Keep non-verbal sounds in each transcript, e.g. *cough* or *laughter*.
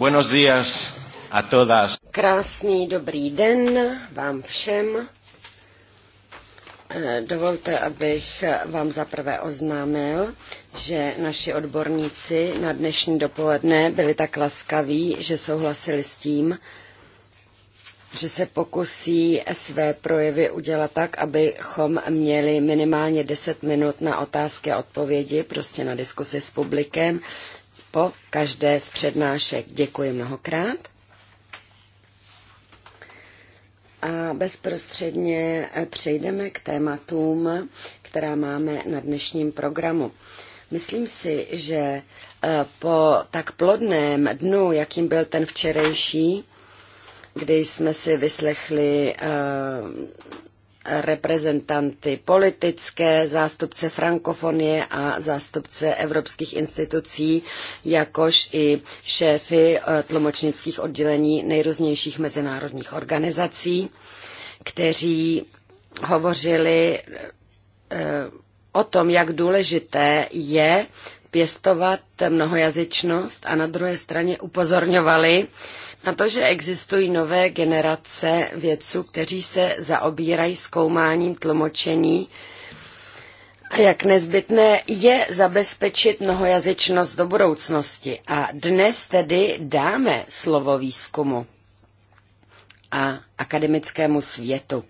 Buenos días a todas. Krásný dobrý den vám všem. Eh, dovolte, abych vám zaprvé oznámil, že naši odborníci na dnešní dopoledne byli tak laskaví, že souhlasili s tím, že se pokusí své projevy udělat tak, abychom měli minimálně 10 minut na otázky a odpovědi, prostě na diskusi s publikem po každé z přednášek. Děkuji mnohokrát. A bezprostředně přejdeme k tématům, která máme na dnešním programu. Myslím si, že eh, po tak plodném dnu, jakým byl ten včerejší, kdy jsme si vyslechli eh, reprezentanty politické, zástupce frankofonie a zástupce evropských institucí, jakož i šéfy eh, tlumočnických oddělení nejrůznějších mezinárodních organizací, kteří hovořili eh, o tom, jak důležité je pěstovat mnohojazyčnost a na druhé straně upozorňovali, na to, že existují nové generace vědců, kteří se zaobírají zkoumáním tlumočení, a jak nezbytné je zabezpečit mnohojazyčnost do budoucnosti. A dnes tedy dáme slovo výzkumu a akademickému světu.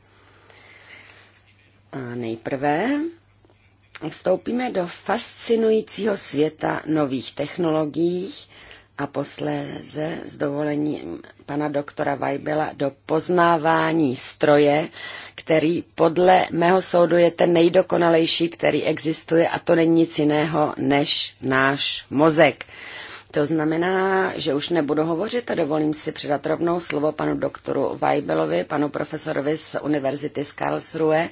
A nejprve vstoupíme do fascinujícího světa nových technologií, a posléze s dovolením pana doktora Vajbela do poznávání stroje, který podle mého soudu je ten nejdokonalejší, který existuje a to není nic jiného než náš mozek. To znamená, že už nebudu hovořit a dovolím si předat rovnou slovo panu doktoru Vajbelovi, panu profesorovi z Univerzity z Karlsruhe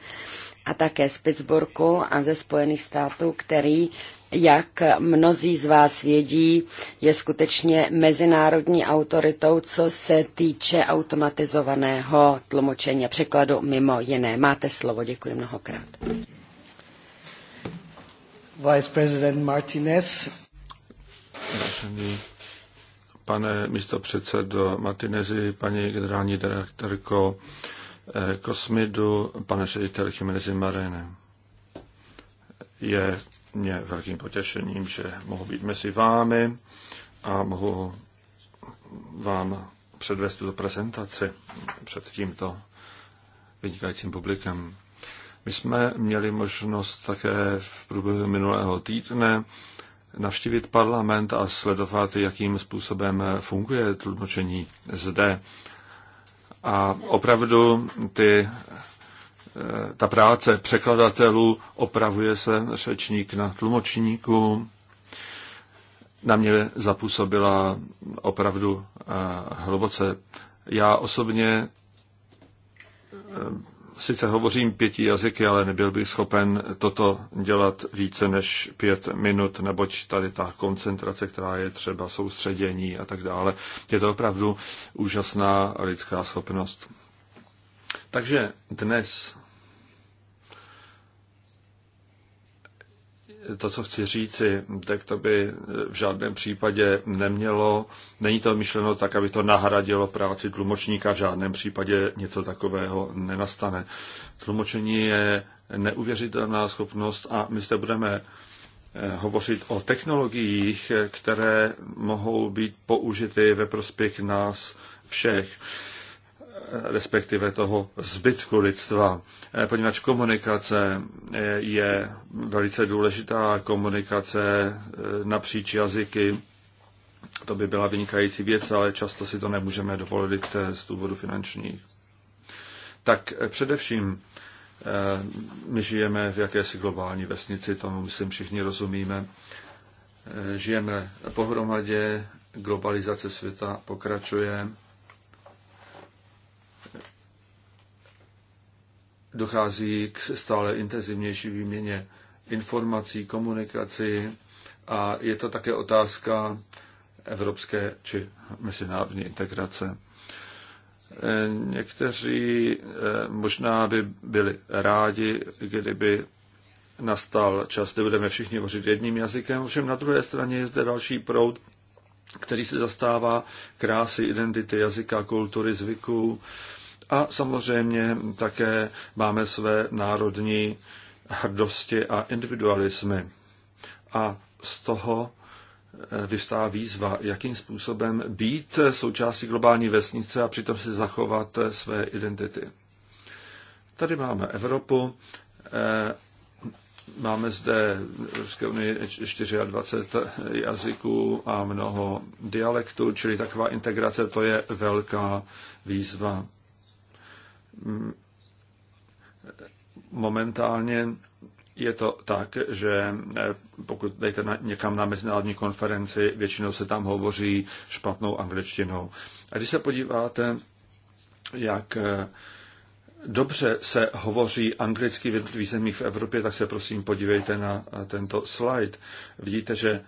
a také z Pittsburghu a ze Spojených států, který jak mnozí z vás vědí, je skutečně mezinárodní autoritou, co se týče automatizovaného tlumočení a překladu mimo jiné. Máte slovo, děkuji mnohokrát. Vice President Martinez. Vážený pane místopředsedo Martinezi, paní generální direktorko eh, Kosmidu, pane ředitel Chimenezi Marene. Je mě velkým potěšením, že mohu být mezi vámi a mohu vám předvést tuto prezentaci před tímto vynikajícím publikem. My jsme měli možnost také v průběhu minulého týdne navštívit parlament a sledovat, jakým způsobem funguje tlumočení zde. A opravdu ty ta práce překladatelů, opravuje se řečník na tlumočníku. Na mě zapůsobila opravdu eh, hluboce. Já osobně eh, sice hovořím pěti jazyky, ale nebyl bych schopen toto dělat více než pět minut, neboť tady ta koncentrace, která je třeba soustředění a tak dále. Je to opravdu úžasná lidská schopnost. Takže dnes to, co chci říci, tak to by eh, v žádném případě nemělo, není to myšleno tak, aby to nahradilo práci tlumočníka, v žádném případě něco takového nenastane. Tlumočení je neuvěřitelná schopnost a my zde budeme eh, hovořit o technologiích, eh, které mohou být použity ve prospěch nás všech respektive toho zbytku lidstva, eh, poněvadž komunikace eh, je velice důležitá, komunikace eh, napříč jazyky, to by byla vynikající věc, ale často si to nemůžeme dovolit z důvodu finančních. Tak především my žijeme v jakési globální vesnici, tomu myslím všichni rozumíme. Žijeme pohromadě, globalizace světa pokračuje dochází k stále intenzivnější výměně informací, komunikaci a je to také otázka evropské či mezinárodní integrace. Eh, někteří eh, možná by byli rádi, kdyby nastal čas, kdy budeme všichni hovořit jedním jazykem, ovšem na druhé straně je zde další proud, který se zastává krásy, identity jazyka, kultury, zvyků, a samozřejmě také máme své národní hrdosti a individualismy. A z toho eh, vystává výzva, jakým způsobem být součástí globální vesnice a přitom si zachovat eh, své identity. Tady máme Evropu, eh, máme zde v Evropské unii 24 jazyků a mnoho dialektů, čili taková integrace to je velká výzva momentálně je to tak, že eh, pokud jdete na, někam na mezinárodní konferenci, většinou se tam hovoří špatnou angličtinou. A když se podíváte, jak eh, dobře se hovoří anglicky v jednotlivých zemích v Evropě, tak se prosím podívejte na eh, tento slide. Vidíte, že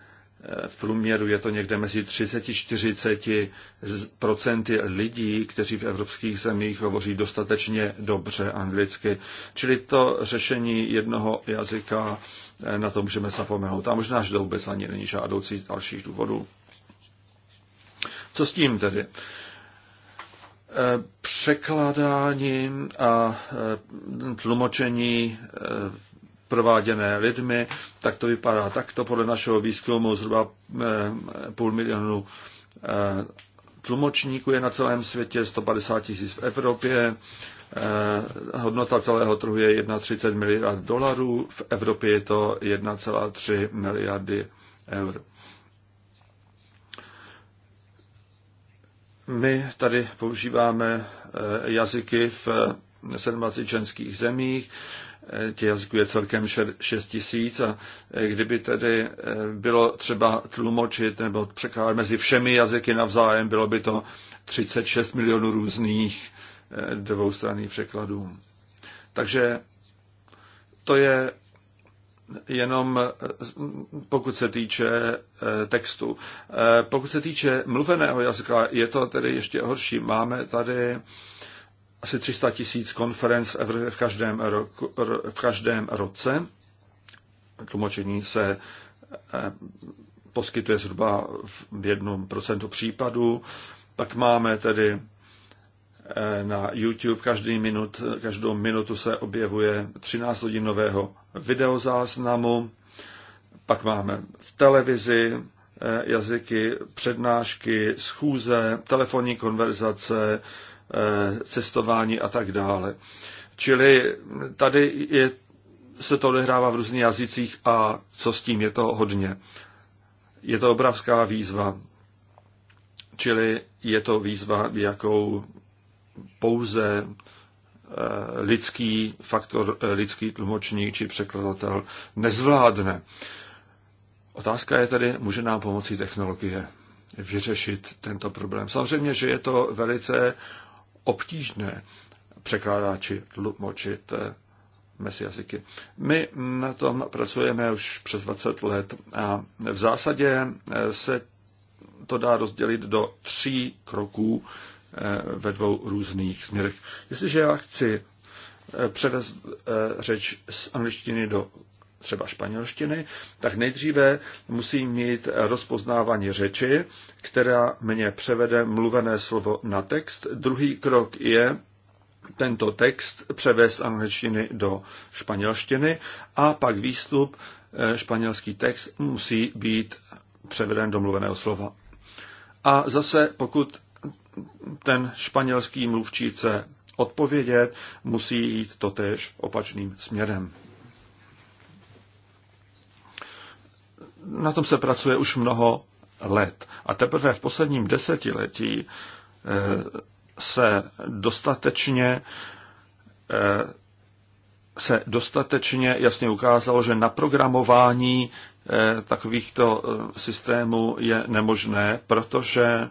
v průměru je to někde mezi 30-40 lidí, kteří v evropských zemích hovoří dostatečně dobře anglicky. Čili to řešení jednoho jazyka eh, na to můžeme zapomenout. A možná, že to vůbec ani není žádoucí z dalších důvodů. Co s tím tedy? Eh, překládání a eh, tlumočení prováděné lidmi, tak to vypadá takto. Podle našeho výzkumu zhruba eh, půl milionu eh, tlumočníků je na celém světě, 150 tisíc v Evropě, eh, hodnota celého trhu je 1,30 miliard dolarů, v Evropě je to 1,3 miliardy eur. My tady používáme jazyky v 27 členských zemích těch jazyků je celkem 6 tisíc a eh, kdyby tedy eh, bylo třeba tlumočit nebo překládat mezi všemi jazyky navzájem, bylo by to 36 milionů různých eh, dvoustranných překladů. Takže to je jenom pokud se týče textu. Pokud se týče mluveného jazyka, je to tedy ještě horší. Máme tady asi 300 tisíc konferenc v, každém roku, v každém roce. Tlumočení se eh, poskytuje zhruba v jednom procentu případů. Pak máme tedy eh, na YouTube každý minut, každou minutu se objevuje 13 hodin nového videozáznamu. Pak máme v televizi eh, jazyky, přednášky, schůze, telefonní konverzace, Eh, cestování a tak dále. Čili tady je, se to odehrává v různých jazycích a co s tím, je to hodně. Je to obrovská výzva. Čili je to výzva, jakou pouze eh, lidský faktor, eh, lidský tlumočník či překladatel nezvládne. Otázka je tedy, může nám pomocí technologie vyřešit tento problém. Samozřejmě, že je to velice obtížné překládáči tlumočit eh, mezi jazyky. My na tom pracujeme už přes 20 let a v zásadě eh, se to dá rozdělit do tří kroků eh, ve dvou různých směrech. Jestliže já chci převést řeč z angličtiny do třeba španělštiny, tak nejdříve musím mít rozpoznávání řeči, která mě převede mluvené slovo na text. Druhý krok je tento text převést z angličtiny do španělštiny a pak výstup eh, španělský text musí být převeden do mluveného slova. A zase, pokud ten španělský mluvčí chce odpovědět, musí jít totéž opačným směrem. na tom se pracuje už mnoho let. A teprve v posledním desetiletí eh, se dostatečně eh, se dostatečně jasně ukázalo, že naprogramování eh, takovýchto systémů je nemožné, protože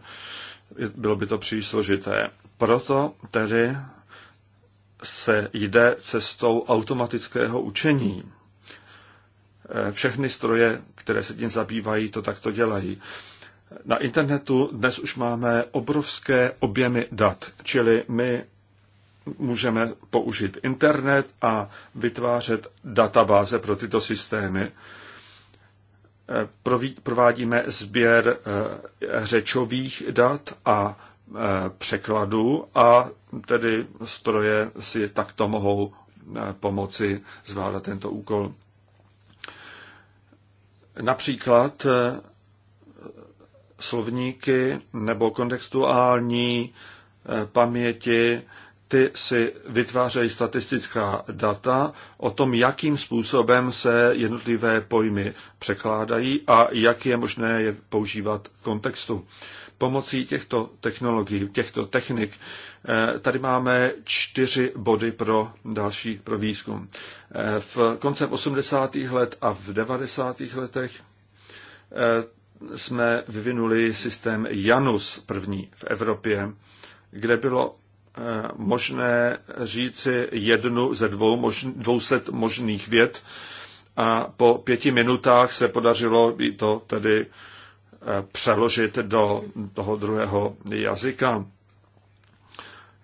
bylo by to příliš složité. Proto tedy se jde cestou automatického učení. Eh, všechny stroje, které se tím zabývají, to takto dělají. Na internetu dnes už máme obrovské objemy dat, čili my můžeme použít internet a vytvářet databáze pro tyto systémy. Eh, provádíme sběr eh, řečových dat a překladů, a tedy stroje si takto mohou pomoci zvládat tento úkol. Například eh, slovníky nebo kontextuální eh, paměti, ty si vytvářejí statistická data o tom, jakým způsobem se jednotlivé pojmy překládají a jak je možné je používat v kontextu pomocí těchto technologií, těchto technik, eh, tady máme čtyři body pro další pro výzkum. Eh, v koncem 80. let a v 90. letech eh, jsme vyvinuli systém Janus první v Evropě, kde bylo možné říci jednu ze dvou možn, dvouset možných věd a po pěti minutách se podařilo to tedy přeložit do toho druhého jazyka,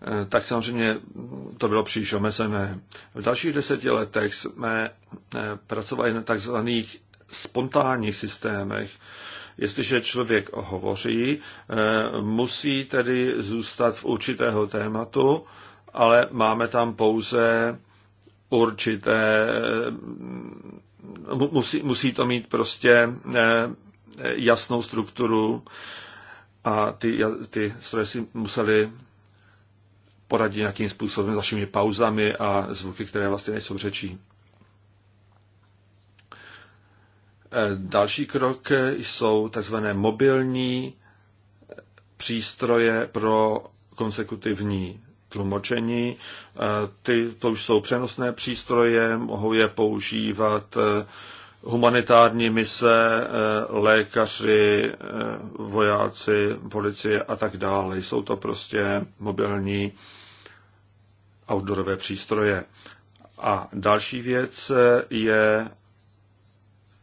eh, tak samozřejmě to bylo příliš omezené. V dalších deseti letech jsme eh, pracovali na takzvaných spontánních systémech. Jestliže člověk hovoří, eh, musí tedy zůstat v určitého tématu, ale máme tam pouze určité, musí, musí to mít prostě Eh, jasnou strukturu a ty, ty stroje si museli poradit nějakým způsobem, vašimi pauzami a zvuky, které vlastně nejsou řečí. Eh, další krok eh, jsou takzvané mobilní přístroje pro konsekutivní tlumočení. Ty, to už jsou přenosné přístroje, mohou je používat humanitární mise, eh, lékaři, eh, vojáci, policie a tak dále. Jsou to prostě mobilní outdoorové přístroje. A další věc eh, je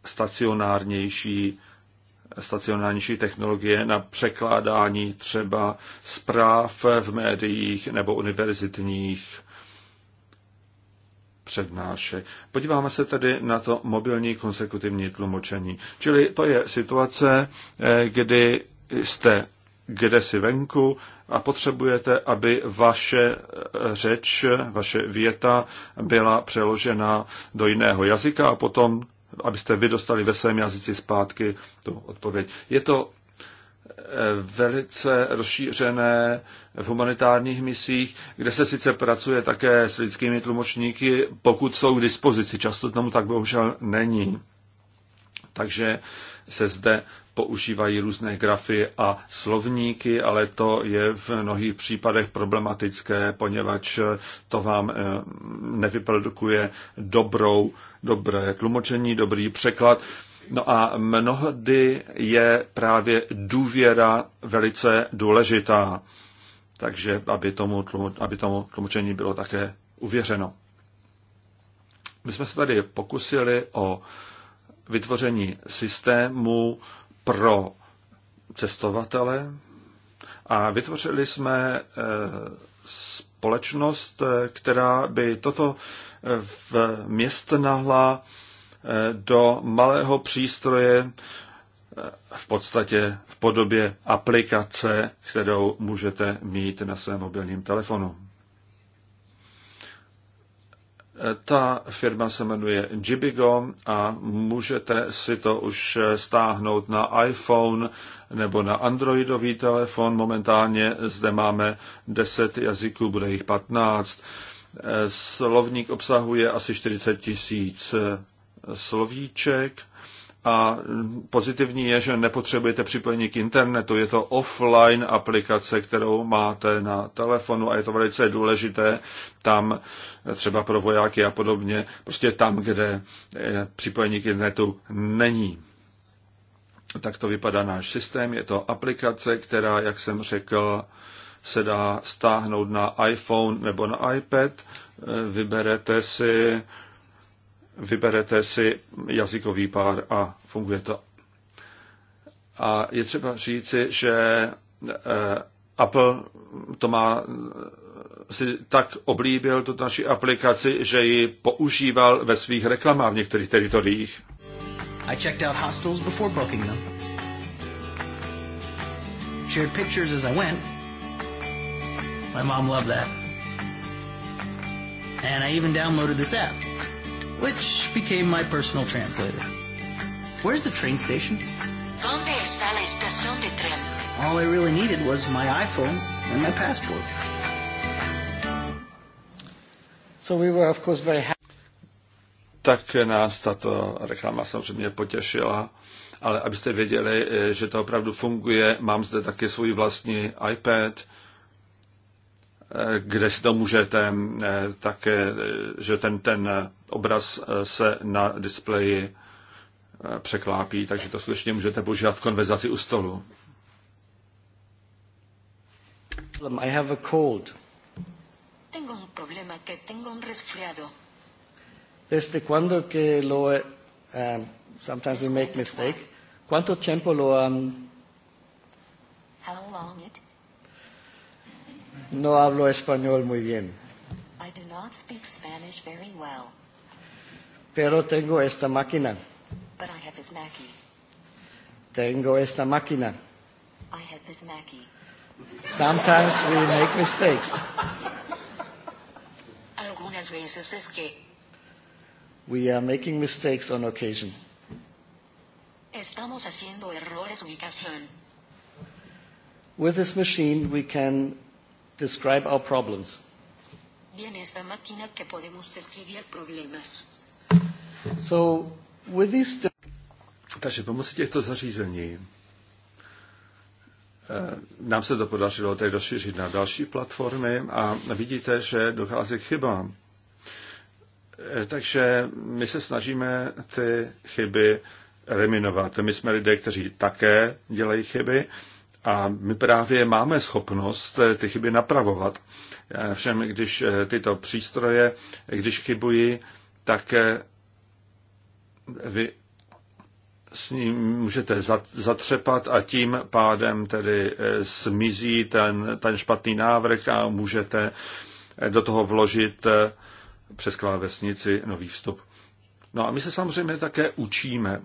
stacionárnější stacionárnější technologie na překládání třeba zpráv v médiích nebo univerzitních přednášek. Podíváme se tedy na to mobilní konsekutivní tlumočení. Čili to je situace, eh, kdy jste kde si venku a potřebujete, aby vaše eh, řeč, vaše věta byla přeložena do jiného jazyka a potom, abyste vy dostali ve svém jazyci zpátky tu odpověď. Je to velice rozšířené v humanitárních misích, kde se sice pracuje také s lidskými tlumočníky, pokud jsou k dispozici. Často tomu tak bohužel není. Takže se zde používají různé grafy a slovníky, ale to je v mnohých případech problematické, poněvadž to vám eh, nevyprodukuje dobrou, dobré tlumočení, dobrý překlad No a mnohdy je právě důvěra velice důležitá. Takže aby tomu, aby tomu tlumočení bylo také uvěřeno. My jsme se tady pokusili o vytvoření systému pro cestovatele a vytvořili jsme eh, společnost, eh, která by toto eh, vměstnala do malého přístroje eh, v podstatě v podobě aplikace, kterou můžete mít na svém mobilním telefonu. Eh, ta firma se jmenuje Jibigo a můžete si to už stáhnout na iPhone nebo na Androidový telefon. Momentálně zde máme 10 jazyků, bude jich 15. Eh, slovník obsahuje asi 40 tisíc slovíček a pozitivní je, že nepotřebujete připojení k internetu. Je to offline aplikace, kterou máte na telefonu a je to velice důležité tam třeba pro vojáky a podobně, prostě tam, kde eh, připojení k internetu není. Tak to vypadá náš systém. Je to aplikace, která, jak jsem řekl, se dá stáhnout na iPhone nebo na iPad. Eh, vyberete si vyberete si jazykový pár a funguje to. A je třeba říci, že eh, Apple to má eh, si tak oblíbil tu naši aplikaci, že ji používal ve svých reklamách v některých teritoriích. I checked out hostels before booking them. Shared pictures as I went. My mom loved that. And I even downloaded this app which became my personal translator. Where's the train station? ¿Dónde está la estación de tren? All I really needed was my iPhone and my passport. So we were of course very happy. Tak nás tato reklama samozřejmě potěšila, ale abyste věděli, eh, že to opravdu funguje, mám zde taky svůj vlastní iPad, Eh, kde si to můžete eh, také, eh, že ten, ten obraz se na displeji překlápí, takže to skutečně můžete používat v konverzaci u stolu. Um, I have a cold. Tengo un problema que tengo un resfriado. Desde cuando que lo he, um, sometimes we make mistake. ¿Cuánto tiempo lo um, How long it no hablo español muy bien. I do not speak Spanish very well. Pero tengo esta máquina. But I have this Mackie. Tengo esta máquina. I have this Mackie. Sometimes we make mistakes. Algunas veces es que We are making mistakes on occasion. Estamos haciendo errores ubicación. With this machine we can describe our problems. Bien, esta máquina que podemos describir problemas. So, with this... Takže pomocí těchto zařízení eh, nám se to podařilo teď rozšířit na další platformy a vidíte, že dochází k chybám. Eh, takže my se snažíme ty chyby eliminovat. My jsme lidé, kteří také dělají chyby a my právě máme schopnost eh, ty chyby napravovat. Všem, když eh, tyto přístroje, eh, když chybují, tak vy s ním můžete zatřepat a tím pádem tedy smizí ten, ten špatný návrh a můžete do toho vložit přes klávesnici nový vstup. No a my se samozřejmě také učíme.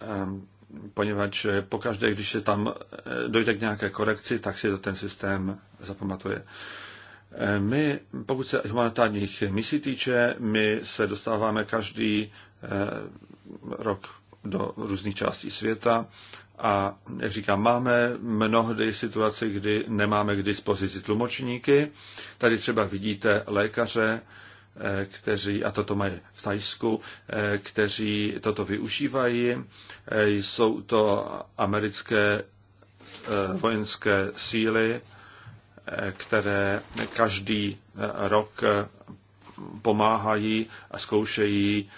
Ehm, poněvadž eh, pokaždé, když se tam eh, dojde k nějaké korekci, tak si to ten systém zapamatuje. Eh, my, pokud se humanitárních misí týče, my se dostáváme každý rok do různých částí světa a, jak říkám, máme mnohdy situaci, kdy nemáme k dispozici tlumočníky. Tady třeba vidíte lékaře, Eh, kteří, a toto mají v Tajsku, eh, kteří toto využívají. Eh, jsou to americké vojenské síly, které každý rok pomáhají a zkoušejí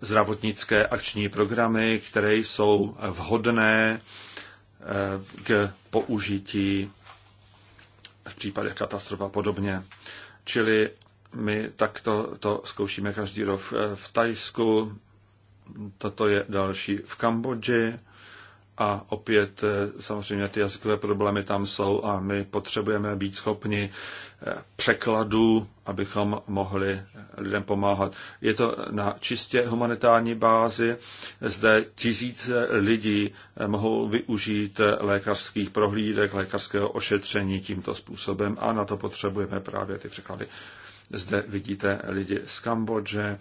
zdravotnické akční programy, které jsou vhodné k použití v případě katastrofa a podobně. Čili my to, to zkoušíme každý rok v Tajsku, toto je další v Kambodži a opět eh, samozřejmě ty jazykové problémy tam jsou a my potřebujeme být schopni eh, překladů, abychom mohli eh, lidem pomáhat. Je to na čistě humanitární bázi. Zde tisíce lidí mohou využít lékařských prohlídek, lékařského ošetření tímto způsobem a na to potřebujeme právě ty překlady. Zde vidíte lidi z Kambodže,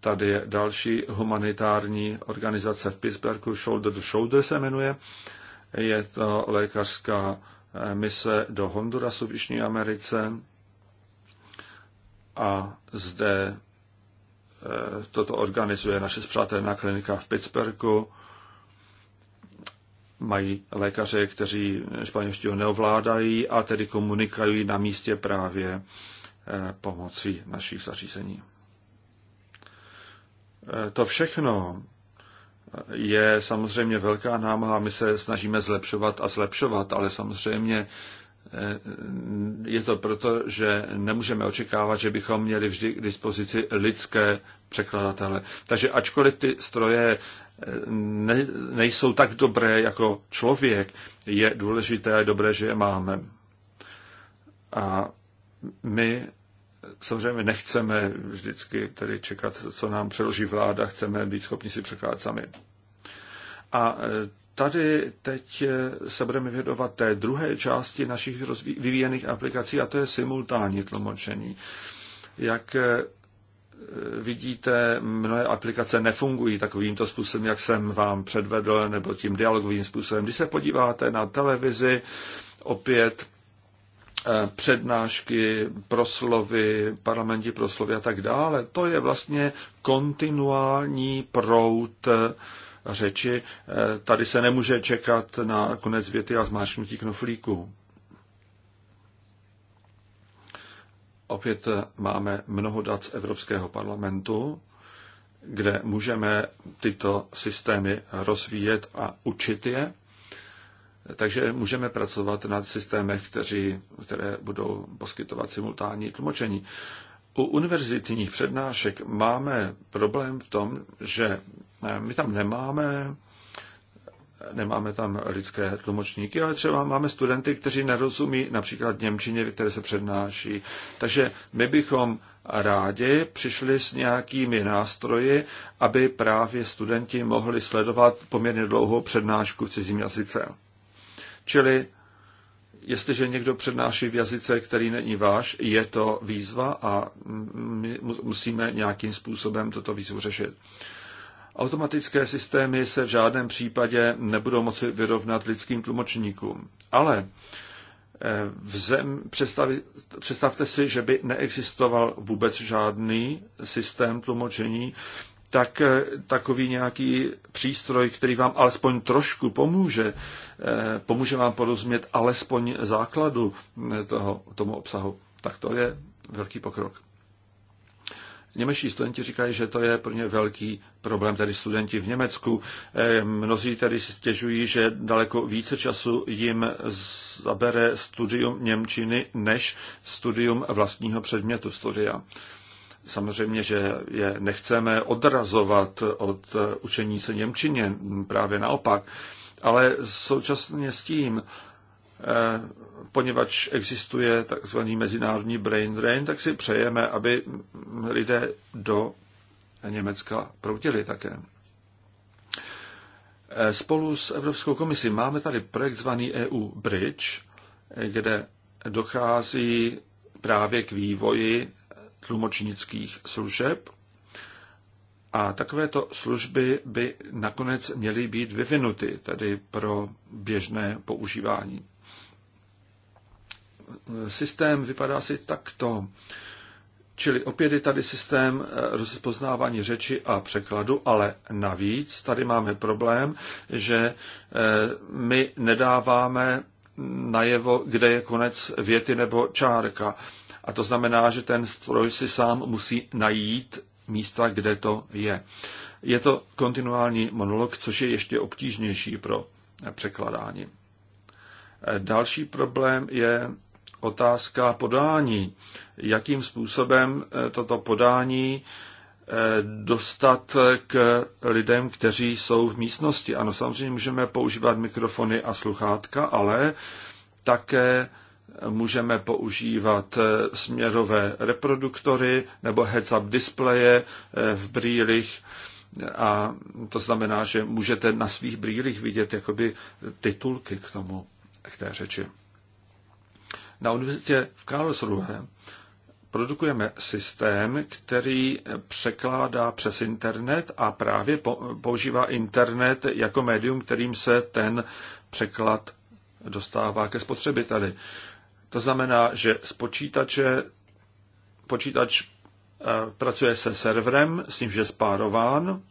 tady je další humanitární organizace v Pittsburghu, Shoulder to Shoulder se jmenuje. Je to lékařská eh, mise do Hondurasu v Jižní Americe a zde eh, toto organizuje naše zpřátelná klinika v Pittsburghu. Mají lékaře, kteří španělštinu neovládají a tedy komunikují na místě právě Eh, pomocí našich zařízení. Eh, to všechno eh, je samozřejmě velká námaha. My se snažíme zlepšovat a zlepšovat, ale samozřejmě je to proto, že nemůžeme očekávat, že bychom měli vždy k dispozici lidské překladatele. Takže ačkoliv ty stroje ne, nejsou tak dobré jako člověk, je důležité a dobré, že je máme. A my samozřejmě nechceme vždycky tedy čekat, co nám přeloží vláda, chceme být schopni si překládat sami. A e, tady teď e, se budeme vědovat té druhé části našich vyvíjených aplikací a to je simultánní tlumočení. Jak e, vidíte, mnohé aplikace nefungují takovýmto způsobem, jak jsem vám předvedl, nebo tím dialogovým způsobem. Když se podíváte na televizi, opět Eh, přednášky, proslovy, parlamentní proslovy a tak dále. To je vlastně kontinuální prout eh, řeči. Eh, tady se nemůže čekat na konec věty a zmáčknutí knoflíku. Opět máme mnoho dat z Evropského parlamentu, kde můžeme tyto systémy rozvíjet a učit je. Takže můžeme pracovat nad systémech, kteří, které budou poskytovat simultánní tlumočení. U univerzitních přednášek máme problém v tom, že eh, my tam nemáme nemáme tam lidské tlumočníky, ale třeba máme studenty, kteří nerozumí například Němčině, které se přednáší. Takže my bychom rádi přišli s nějakými nástroji, aby právě studenti mohli sledovat poměrně dlouhou přednášku v cizím jazyce. Čili jestliže někdo přednáší v jazyce, který není váš, je to výzva a my musíme nějakým způsobem toto výzvu řešit. Automatické systémy se v žádném případě nebudou moci vyrovnat lidským tlumočníkům. Ale eh, v zem, představi, představte si, že by neexistoval vůbec žádný systém tlumočení, tak eh, takový nějaký přístroj, který vám alespoň trošku pomůže, eh, pomůže vám porozumět alespoň základu eh, toho, tomu obsahu, tak to je velký pokrok. Němečtí studenti říkají, že to je pro ně velký problém, tedy studenti v Německu. Mnozí tedy stěžují, že daleko více času jim zabere studium Němčiny než studium vlastního předmětu studia. Samozřejmě, že je nechceme odrazovat od učení se Němčině, právě naopak, ale současně s tím, eh, poněvadž existuje takzvaný mezinárodní brain drain, tak si přejeme, aby lidé do Německa proudili také. Eh, spolu s Evropskou komisí máme tady projekt zvaný EU Bridge, eh, kde dochází právě k vývoji tlumočnických služeb. A takovéto služby by nakonec měly být vyvinuty, tedy pro běžné používání. Systém vypadá si takto. Čili opět je tady systém eh, rozpoznávání řeči a překladu, ale navíc tady máme problém, že eh, my nedáváme najevo, kde je konec věty nebo čárka. A to znamená, že ten stroj si sám musí najít místa, kde to je. Je to kontinuální monolog, což je ještě obtížnější pro překladání. Další problém je otázka podání. Jakým způsobem eh, toto podání eh, dostat k lidem, kteří jsou v místnosti. Ano, samozřejmě můžeme používat mikrofony a sluchátka, ale také můžeme používat eh, směrové reproduktory nebo heads-up displeje eh, v brýlích a to znamená, že můžete na svých brýlích vidět jakoby titulky k tomu, k té řeči. Na univerzitě v Karlsruhe produkujeme systém, který překládá přes internet a právě používá internet jako médium, kterým se ten překlad dostává ke spotřebiteli. To znamená, že z počítače počítač eh, pracuje se serverem, s nímž je spárován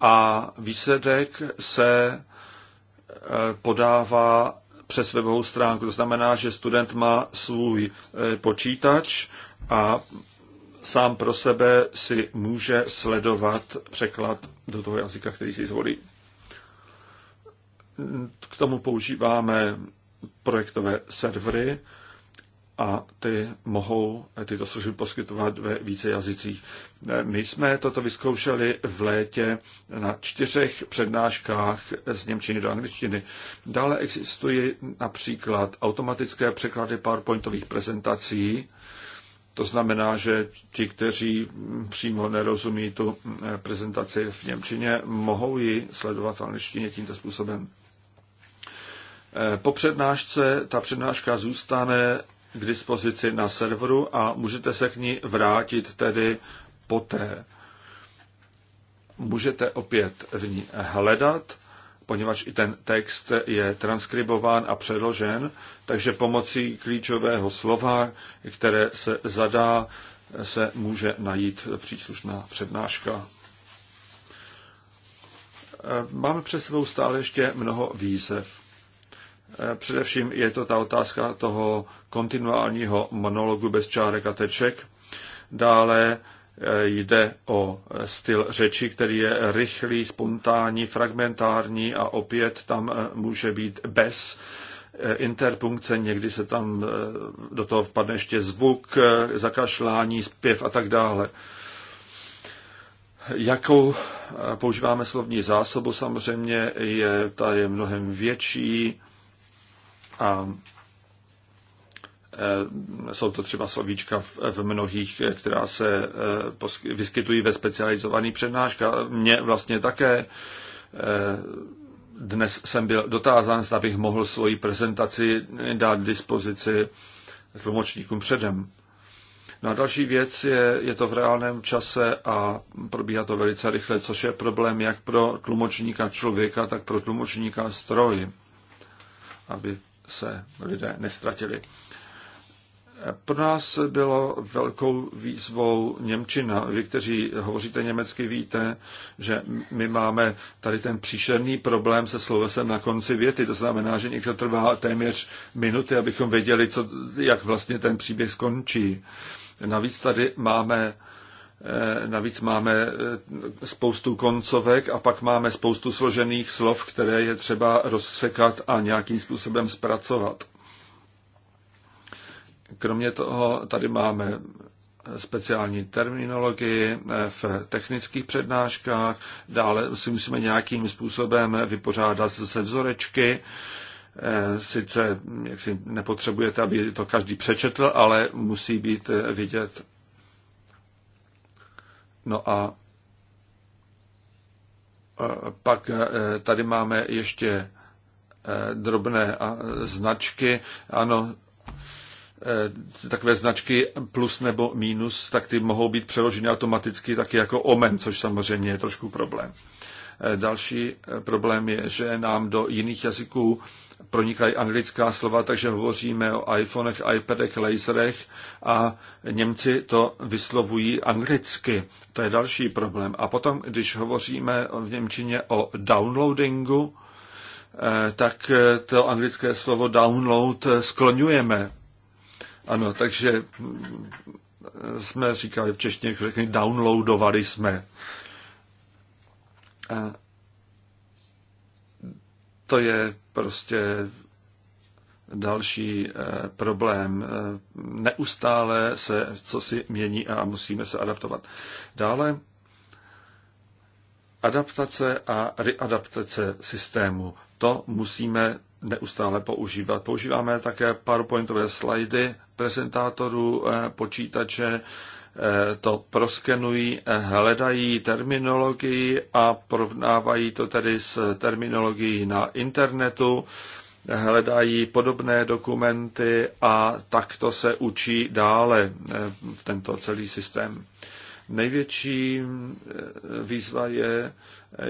a výsledek se eh, podává přes webovou stránku. To znamená, že student má svůj eh, počítač a sám pro sebe si může sledovat překlad do toho jazyka, který si zvolí. K tomu používáme projektové servery a ty mohou tyto služby poskytovat ve více jazycích. My jsme toto vyzkoušeli v létě na čtyřech přednáškách z Němčiny do angličtiny. Dále existují například automatické překlady PowerPointových prezentací, to znamená, že ti, kteří přímo nerozumí tu prezentaci v Němčině, mohou ji sledovat v angličtině tímto způsobem. Eh, po přednášce ta přednáška zůstane k dispozici na serveru a můžete se k ní vrátit tedy poté. Můžete opět v ní hledat, poněvadž i ten text je transkribován a přeložen, takže pomocí klíčového slova, které se zadá, se může najít příslušná přednáška. Eh, máme před sebou stále ještě mnoho výzev. Eh, především je to ta otázka toho kontinuálního monologu bez čárek a teček. Dále eh, jde o styl řeči, který je rychlý, spontánní, fragmentární a opět tam eh, může být bez interpunkce, někdy se tam do toho vpadne ještě zvuk, zakašlání, zpěv a tak dále. Jakou používáme slovní zásobu samozřejmě je, ta je mnohem větší, a e, jsou to třeba slovíčka v mnohých, která se e, vyskytují ve specializovaných přednáškách. Mně vlastně také e, dnes jsem byl dotázán, zda bych mohl svoji prezentaci dát dispozici tlumočníkům předem. No a další věc je, je to v reálném čase a probíhá to velice rychle, což je problém jak pro tlumočníka člověka, tak pro tlumočníka stroj, aby se lidé nestratili. Pro nás bylo velkou výzvou Němčina. Vy, kteří hovoříte německy, víte, že my máme tady ten příšerný problém se slovesem na konci věty. To znamená, že někdo trvá téměř minuty, abychom věděli, co, jak vlastně ten příběh skončí. Navíc tady máme Eh, navíc máme eh, spoustu koncovek a pak máme spoustu složených slov, které je třeba rozsekat a nějakým způsobem zpracovat. Kromě toho tady máme speciální terminologii eh, v technických přednáškách, dále si musíme nějakým způsobem vypořádat se vzorečky. Sice jak si nepotřebujete, aby to každý přečetl, ale musí být vidět No a pak eh, tady máme ještě eh, drobné značky. Ano, eh, takové značky plus nebo minus, tak ty mohou být přeloženy automaticky taky jako omen, což samozřejmě je trošku problém. Další problém je, že nám do jiných jazyků pronikají anglická slova, takže hovoříme o iPhonech, iPadech, laserech a Němci to vyslovují anglicky. To je další problém. A potom, když hovoříme v Němčině o downloadingu, eh, tak eh, to anglické slovo download skloňujeme. Ano, takže mm, jsme říkali v češtině, řekli downloadovali jsme. To je prostě další eh, problém. Eh, neustále se co si mění a musíme se adaptovat. Dále adaptace a readaptace systému. To musíme neustále používat. Používáme také PowerPointové slajdy prezentátorů, eh, počítače, Eh, to proskenují, eh, hledají terminologii a porovnávají to tedy s terminologií na internetu, hledají podobné dokumenty a takto se učí dále eh, tento celý systém. Největší výzva je,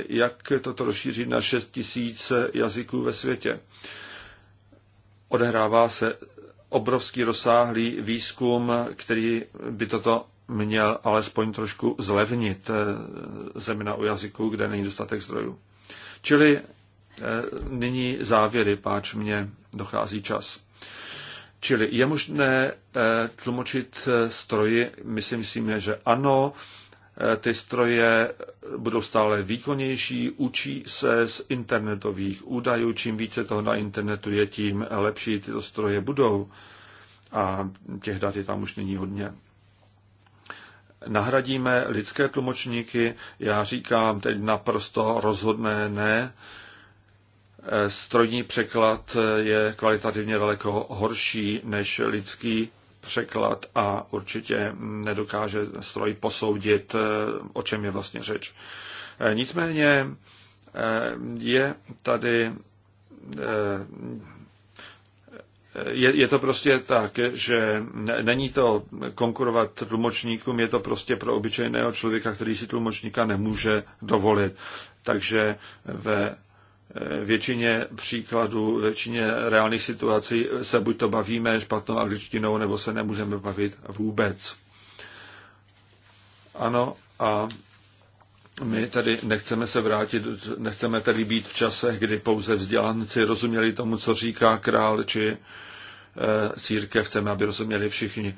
jak toto rozšířit na 6 tisíc jazyků ve světě. Odehrává se obrovský rozsáhlý výzkum, který by toto měl alespoň trošku zlevnit eh, zemina u jazyku, kde není dostatek zdrojů. Čili eh, nyní závěry, páč mě dochází čas. Čili je možné eh, tlumočit stroji, myslím si, že ano, ty stroje budou stále výkonnější, učí se z internetových údajů, čím více toho na internetu je, tím lepší tyto stroje budou. A těch dat je tam už není hodně nahradíme lidské tlumočníky, já říkám teď naprosto rozhodné ne. Eh, strojní překlad eh, je kvalitativně daleko horší než lidský překlad a určitě nedokáže stroj posoudit, eh, o čem je vlastně řeč. Nicméně je tady je, je to prostě tak, že není to konkurovat tlumočníkům, je to prostě pro obyčejného člověka, který si tlumočníka nemůže dovolit. Takže ve eh, většině příkladů, většině reálných situací se buď to bavíme špatnou angličtinou, nebo se nemůžeme bavit vůbec. Ano, a my tady nechceme se vrátit, nechceme tady být v časech, kdy pouze vzdělanci rozuměli tomu, co říká král či eh, církev, chceme, aby rozuměli všichni.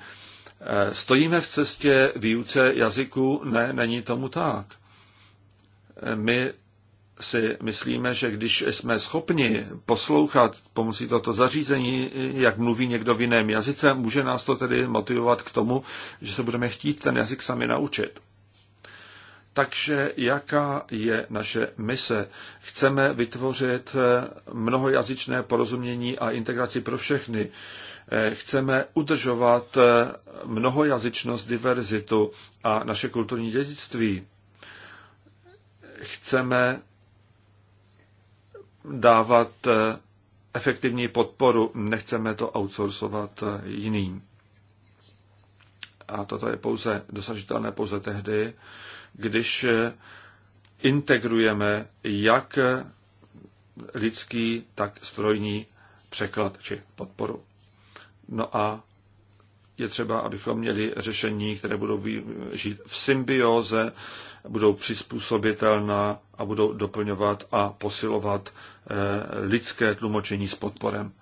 Eh, stojíme v cestě výuce jazyku? Ne, není tomu tak. Eh, my si myslíme, že když jsme schopni poslouchat pomocí tohoto zařízení, jak mluví někdo v jiném jazyce, může nás to tedy motivovat k tomu, že se budeme chtít ten jazyk sami naučit. Takže jaká je naše mise? Chceme vytvořit eh, mnohojazyčné porozumění a integraci pro všechny. Eh, chceme udržovat eh, mnohojazyčnost, diverzitu a naše kulturní dědictví. Chceme dávat efektivní podporu, nechceme to outsourcovat jiným. A toto je pouze dosažitelné pouze tehdy, když eh, integrujeme jak lidský, tak strojní překlad či podporu. No a je třeba, abychom měli řešení, které budou žít v symbioze, budou přizpůsobitelná a budou doplňovat a posilovat eh, lidské tlumočení s podporem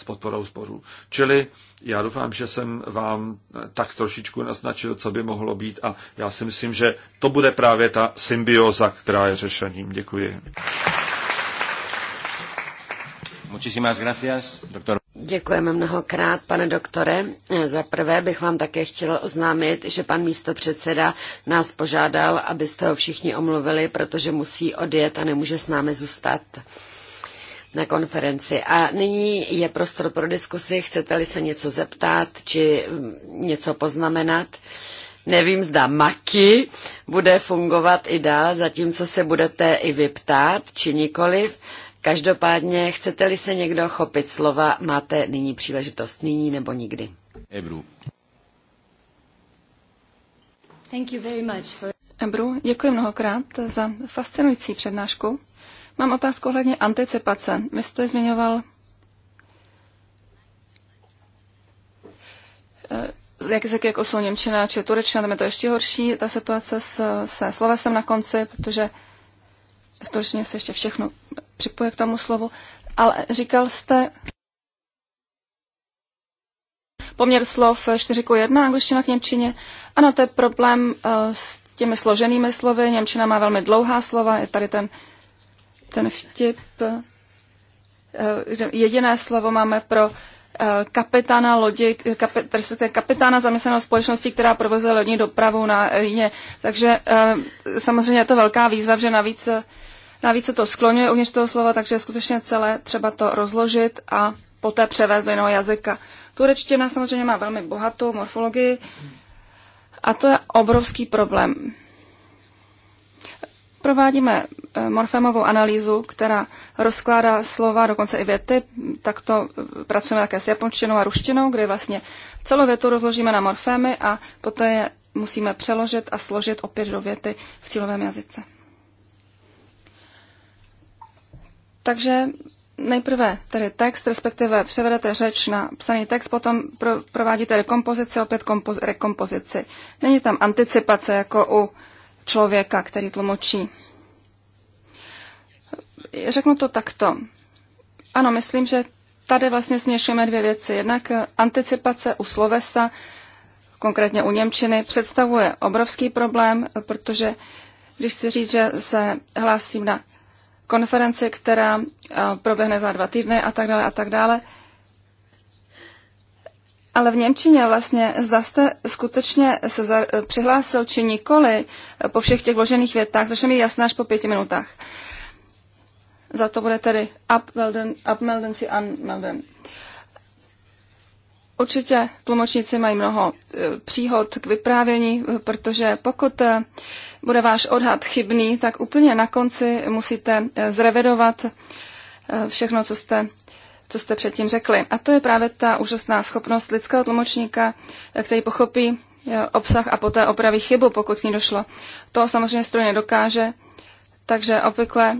s podporou sporů. Čili já doufám, že jsem vám tak trošičku naznačil, co by mohlo být a já si myslím, že to bude právě ta symbioza, která je řešením. Děkuji. Muchísimas gracias, doctor. Děkujeme mnohokrát, pane doktore. Za prvé bych vám také chtěla oznámit, že pan místopředseda nás požádal, abyste ho všichni omluvili, protože musí odjet a nemůže s námi zůstat na konferenci. A nyní je prostor pro diskusi. Chcete-li se něco zeptat či něco poznamenat? Nevím, zda Maki bude fungovat i dál, zatímco se budete i vyptát, či nikoliv. Každopádně, chcete-li se někdo chopit slova, máte nyní příležitost. Nyní nebo nikdy. Ebru. Thank you very much for... Ebru, děkuji mnohokrát za fascinující přednášku. Mám otázku ohledně anticipace. Vy jste zmiňoval, eh, jak se jako jsou Němčina či Turečina, tam je to ještě horší, ta situace s, se slovesem na konci, protože v Turečině se ještě všechno připoje k tomu slovu. Ale říkal jste poměr slov 4 k 1, angličtina k Němčině. Ano, to je problém eh, s těmi složenými slovy. Němčina má velmi dlouhá slova, je tady ten ten vtip. Eh, jediné slovo máme pro eh, kapitána lodi, kapit, kapitána zaměstnaného společnosti, která provozuje lodní dopravu na Rýně. Takže eh, samozřejmě je to velká výzva, že navíc, navíc se to skloňuje uvnitř toho slova, takže je skutečně celé třeba to rozložit a poté převést do jiného jazyka. Turečtina samozřejmě má velmi bohatou morfologii a to je obrovský problém. Provádíme eh, morfemovou analýzu, která rozkládá slova, dokonce i věty. Takto eh, pracujeme také s japonštinou a ruštinou, kde vlastně celou větu rozložíme na morfémy a poté je musíme přeložit a složit opět do věty v cílovém jazyce. Takže nejprve tedy text, respektive převedete řeč na psaný text, potom provádíte rekompozici, opět kompoz, rekompozici. Není tam anticipace jako u člověka, který tlumočí. Řeknu to takto. Ano, myslím, že tady vlastně směšujeme dvě věci. Jednak anticipace u slovesa, konkrétně u Němčiny, představuje obrovský problém, protože když si říct, že se hlásím na konferenci, která eh, proběhne za dva týdny a tak dále a tak dále, ale v Němčině vlastně, zda jste skutečně se za, eh, přihlásil či nikoli eh, po všech těch vložených větách, začne mi jasné až po pěti minutách. Za to bude tedy upmelden, upmelden či unmelden. Určitě tlumočníci mají mnoho eh, příhod k vyprávění, protože pokud bude váš odhad chybný, tak úplně na konci musíte e, všechno, co jste co jste předtím řekli. A to je právě ta úžasná schopnost lidského tlumočníka, který pochopí eh, obsah a poté opraví chybu, pokud k ní došlo. To samozřejmě stroj nedokáže, takže obvykle,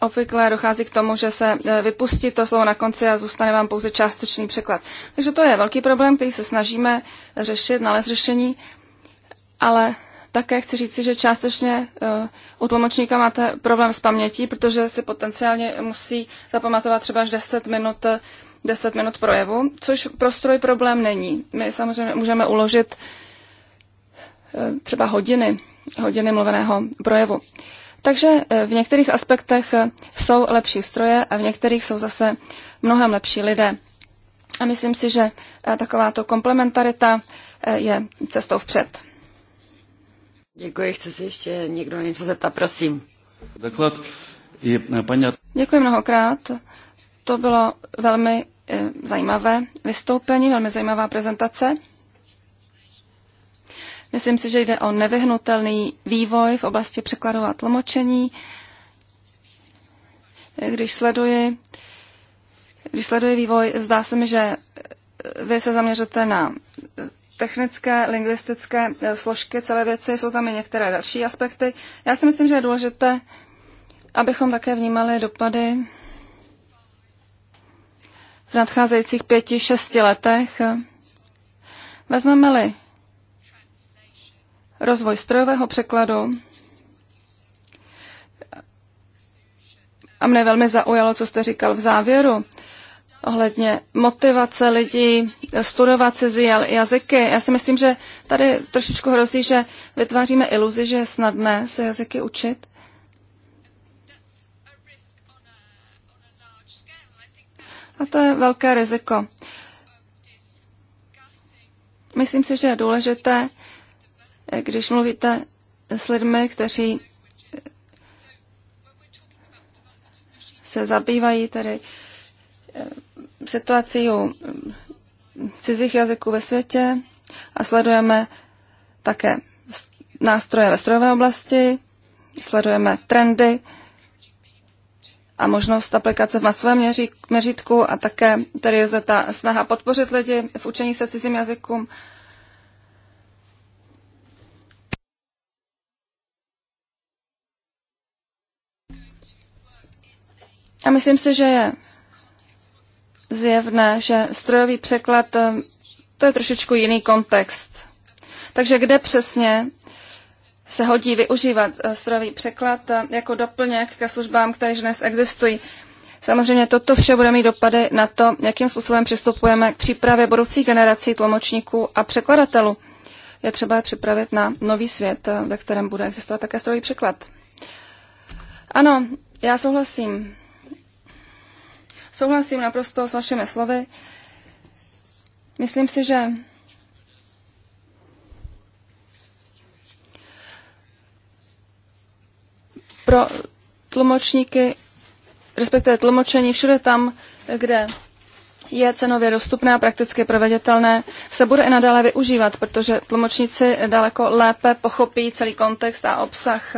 obvykle dochází k tomu, že se eh, vypustí to slovo na konci a zůstane vám pouze částečný překlad. Takže to je velký problém, který se snažíme řešit, nalézt řešení, ale také chci říci, že částečně eh, u tlumočníka máte problém s pamětí, protože si potenciálně musí zapamatovat třeba až 10 minut 10 eh, minut projevu, což pro stroj problém není. My samozřejmě můžeme uložit eh, třeba hodiny, hodiny mluveného projevu. Takže v některých aspektech jsou lepší stroje a v některých jsou zase mnohem lepší lidé. A myslím si, že takováto komplementarita je cestou vpřed. Děkuji, chce se ještě někdo něco zeptat, prosím. Doklad je paní... Děkuji mnohokrát. To bylo velmi eh, zajímavé vystoupení, velmi zajímavá prezentace. Myslím si, že jde o nevyhnutelný vývoj v oblasti překladu a tlumočení. Když sleduji, když sleduji vývoj, zdá se mi, že vy se zaměřujete na technické, lingvistické eh, složky celé věci, jsou tam i některé další aspekty. Já si myslím, že je důležité, abychom také vnímali dopady v nadcházejících pěti, šesti letech. Vezmeme-li rozvoj strojového překladu, a mne velmi zaujalo, co jste říkal v závěru, ohledně motivace lidí studovat cizí jazyky. Já si myslím, že tady trošičku hrozí, že vytváříme iluzi, že je snadné se jazyky učit. A to je velké riziko. Myslím si, že je důležité, když mluvíte s lidmi, kteří se zabývají tedy eh, situací u um, cizích jazyků ve světě a sledujeme také nástroje ve strojové oblasti, sledujeme trendy a možnost aplikace v masovém měřítku a také tady je zde ta snaha podpořit lidi v učení se cizím jazykům. A myslím si, že je zjevné, že strojový překlad eh, to je trošičku jiný kontext. Takže kde přesně se hodí využívat eh, strojový překlad eh, jako doplněk ke službám, které dnes existují. Samozřejmě toto vše bude mít dopady na to, jakým způsobem přistupujeme k přípravě budoucích generací tlumočníků a překladatelů. Je třeba je připravit na nový svět, ve kterém bude existovat také strojový překlad. Ano, já souhlasím. Souhlasím naprosto s vašimi slovy. Myslím si, že pro tlumočníky, respektive tlumočení všude tam, kde je cenově dostupné a prakticky proveditelné, se bude i nadále využívat, protože tlumočníci daleko lépe pochopí celý kontext a obsah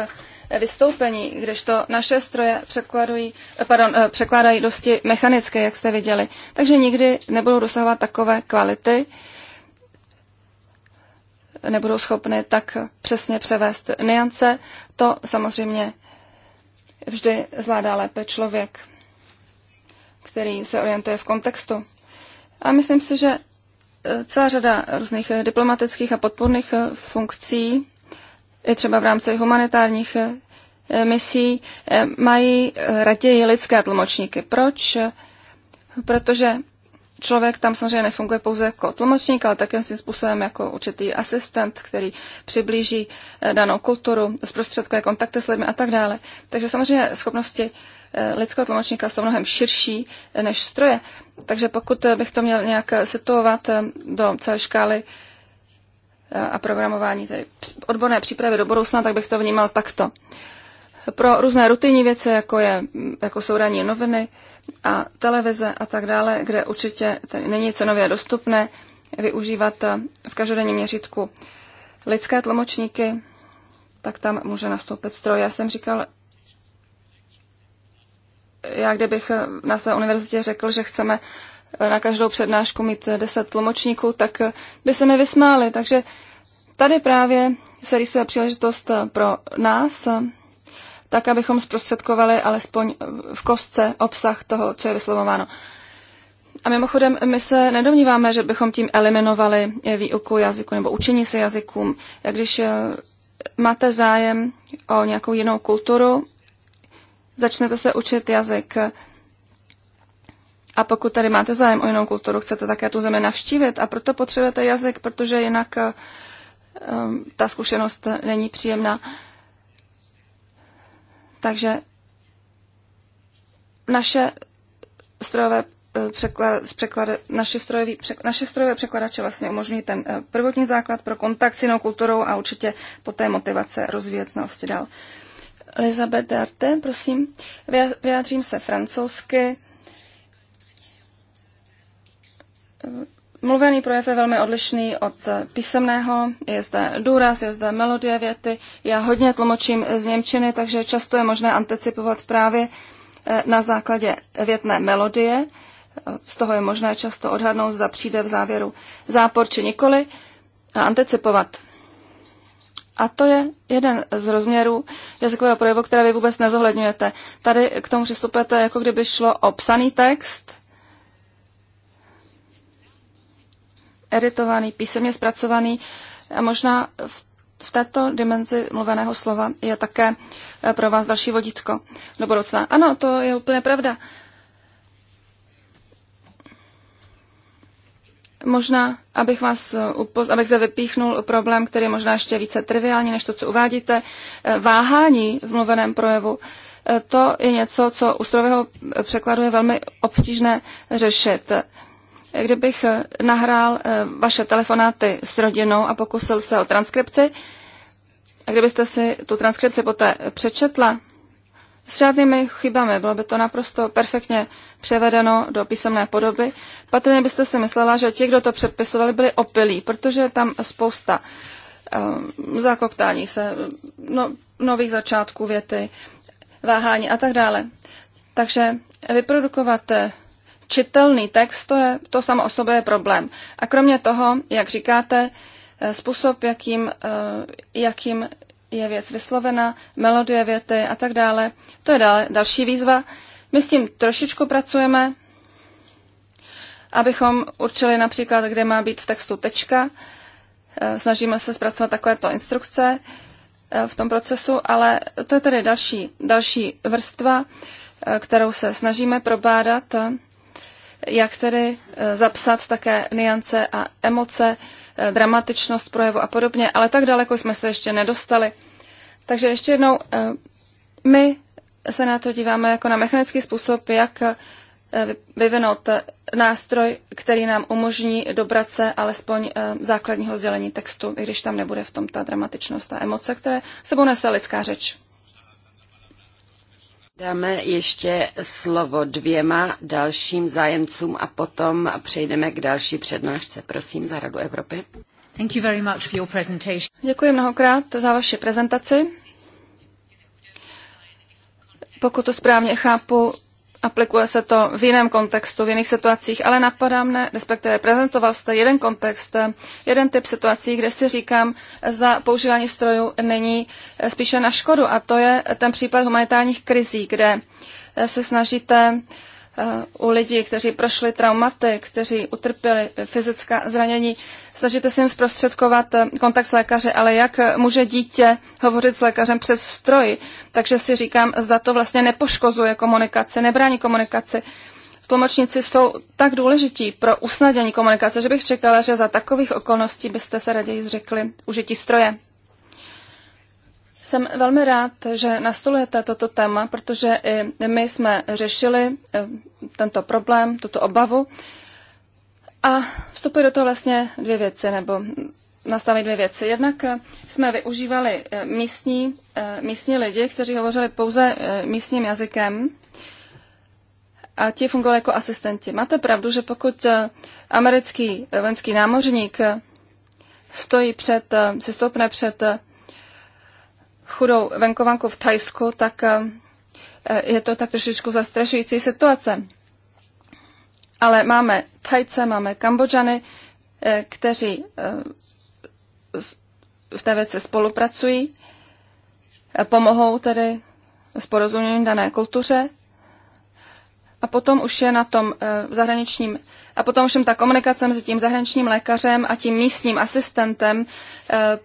vystoupení, když to naše stroje překladují, eh, pardon, eh, překládají dosti mechanicky, jak jste viděli. Takže nikdy nebudou dosahovat takové kvality, nebudou schopny tak přesně převést niance. To samozřejmě vždy zvládá lépe člověk, který se orientuje v kontextu. A myslím si, že eh, celá řada různých diplomatických a podporných funkcí třeba v rámci humanitárních eh, eh, misí, eh, mají raději lidské tlumočníky. Proč? Protože člověk tam samozřejmě nefunguje pouze jako tlumočník, ale také svým způsobem jako určitý asistent, který přiblíží danou kulturu, zprostředkuje kontakty s lidmi a tak dále. Takže samozřejmě schopnosti lidského tlumočníka jsou mnohem širší než stroje. Takže pokud bych to měl nějak situovat do celé škály a programování, tedy odborné přípravy do budoucna, tak bych to vnímal takto. Pro různé rutinní věci, jako, je, jako jsou ranní noviny a televize a tak dále, kde určitě není cenově dostupné využívat eh, v každodenním měřítku lidské tlumočníky, tak tam může nastoupit stroj. Já jsem říkal, já kdybych eh, na své univerzitě řekl, že chceme eh, na každou přednášku mít deset tlumočníků, tak by se mi vysmáli. Takže Tady právě se rýsuje příležitost pro nás, tak abychom zprostředkovali alespoň v kostce obsah toho, co je vyslovováno. A mimochodem, my se nedomníváme, že bychom tím eliminovali výuku jazyku nebo učení se jazykům. Jak když máte zájem o nějakou jinou kulturu, začnete se učit jazyk. A pokud tady máte zájem o jinou kulturu, chcete také tu zemi navštívit a proto potřebujete jazyk, protože jinak Ehm, ta zkušenost není příjemná. Takže naše strojové eh, překlad, překlad, naše, strojový, přek, naše strojové překladače vlastně umožňují ten eh, prvotní základ pro kontakt s jinou kulturou a určitě poté motivace rozvíjet znalosti dál. Elizabeth Darte, prosím, vyjádřím se francouzsky. Mluvený projev je velmi odlišný od písemného. Je zde důraz, je zde melodie věty. Já hodně tlumočím z Němčiny, takže často je možné anticipovat právě eh, na základě větné melodie. Z toho je možné často odhadnout, zda přijde v závěru zápor či nikoli a anticipovat. A to je jeden z rozměrů jazykového projevu, které vy vůbec nezohledňujete. Tady k tomu přistupujete, jako kdyby šlo o psaný text, editovaný, písemně zpracovaný. A možná v, v této dimenzi mluveného slova je také eh, pro vás další vodítko do budoucna. Ano, to je úplně pravda. Možná, abych vás eh, upoz, abych zde vypíchnul problém, který je možná ještě více triviální než to, co uvádíte. Eh, váhání v mluveném projevu, to je něco, co u strojového překladu je velmi obtížné řešit kdybych eh, nahrál eh, vaše telefonáty s rodinou a pokusil se o transkripci, a kdybyste si tu transkripci poté přečetla, s žádnými chybami, bylo by to naprosto perfektně převedeno do písemné podoby. Patrně byste si myslela, že ti, kdo to přepisovali, byli opilí, protože je tam spousta um, zakoktání se, no, nových začátků věty, váhání a tak dále. Takže vyprodukovat čitelný text, to, je, to samo o sobě je problém. A kromě toho, jak říkáte, eh, způsob, jakým, eh, jakým je věc vyslovena, melodie věty a tak dále, to je dále, další výzva. My s tím trošičku pracujeme, abychom určili například, kde má být v textu tečka. Eh, snažíme se zpracovat takovéto instrukce v tom procesu, ale to je tedy další, další vrstva, kterou se snažíme probádat jak tedy e, zapsat také niance a emoce, e, dramatičnost projevu a podobně, ale tak daleko jsme se ještě nedostali. Takže ještě jednou, e, my se na to díváme jako na mechanický způsob, jak vyvinout nástroj, který nám umožní dobrat se alespoň základního sdělení textu, i když tam nebude v tom ta dramatičnost a emoce, které sebou nese lidská řeč. Dáme ještě slovo dvěma dalším zájemcům a potom přejdeme k další přednášce. Prosím, za Radu Evropy. Thank you very much for your presentation. Děkuji mnohokrát za vaši prezentaci. Pokud to správně chápu, aplikuje se to v jiném kontextu, v jiných situacích, ale napadá mne, respektive prezentoval jste jeden kontext, jeden typ situací, kde si říkám, zda používání strojů není spíše na škodu a to je ten případ humanitárních krizí, kde se snažíte uh, u lidí, kteří prošli traumaty, kteří utrpěli fyzická zranění. Snažíte se jim zprostředkovat eh, kontakt s lékaři, ale jak může dítě hovořit s lékařem přes stroj? Takže si říkám, zda to vlastně nepoškozuje komunikaci, nebrání komunikaci. Tlumočníci jsou tak důležití pro usnadnění komunikace, že bych čekala, že za takových okolností byste se raději zřekli užití stroje. Jsem velmi rád, že nastolujete toto téma, protože i my jsme řešili eh, tento problém, tuto obavu. A vstupují do toho vlastně dvě věci, nebo nastavit dvě věci. Jednak eh, jsme využívali eh, místní, místní lidi, kteří hovořili pouze místním jazykem a ti fungovali jako asistenti. Máte pravdu, že pokud americký vojenský námořník stojí před, se stoupne před chudou venkovanku v Tajsku, tak eh, je to tak trošičku zastrašující situace. Ale máme tajce, máme Kambodžany, eh, kteří eh, v té věci spolupracují, pomohou tedy s porozuměním dané kultuře a potom už je na tom eh, zahraničním a potom všem ta komunikace mezi tím zahraničním lékařem a tím místním asistentem eh,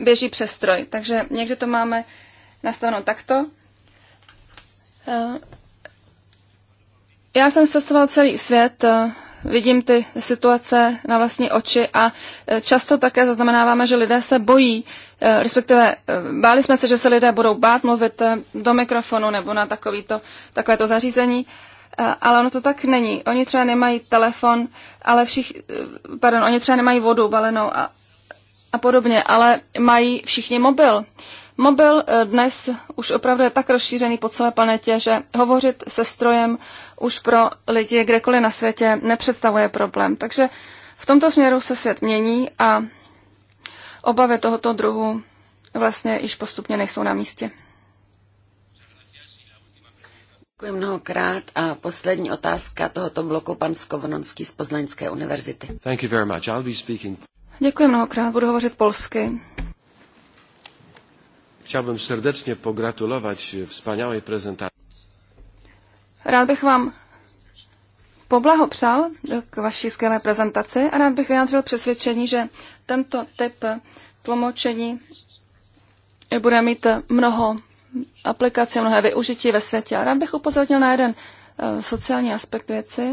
běží přestroj. Takže někdy to máme nastaveno takto. Eh, já jsem cestoval celý svět, vidím ty situace na vlastní oči a často také zaznamenáváme, že lidé se bojí, respektive báli jsme se, že se lidé budou bát mluvit do mikrofonu nebo na takovýto, takovéto zařízení. Eh, ale ono to tak není. Oni třeba nemají telefon, ale všich, eh, pardon, oni třeba nemají vodu balenou a, a podobně, ale mají všichni mobil. Mobil eh, dnes už opravdu je tak rozšířený po celé planetě, že hovořit se strojem už pro lidi kdekoliv na světě nepředstavuje problém. Takže v tomto směru se svět mění a obavy tohoto druhu vlastně již postupně nejsou na místě. Děkuji mnohokrát a poslední otázka tohoto bloku pan Skovronský z Poznaňské univerzity. Thank you very much. I'll be speaking. Děkuji mnohokrát, budu hovořit polsky. Chtěl Chciałbym serdecznie pogratulować wspaniałej prezentaci. Rád bych vám poblahopřál k vaší skvělé prezentaci a rád bych vyjádřil přesvědčení, že tento typ tlumočení bude mít mnoho aplikace, mnohé využití ve světě. A rád bych upozornil na jeden eh, sociální aspekt věci.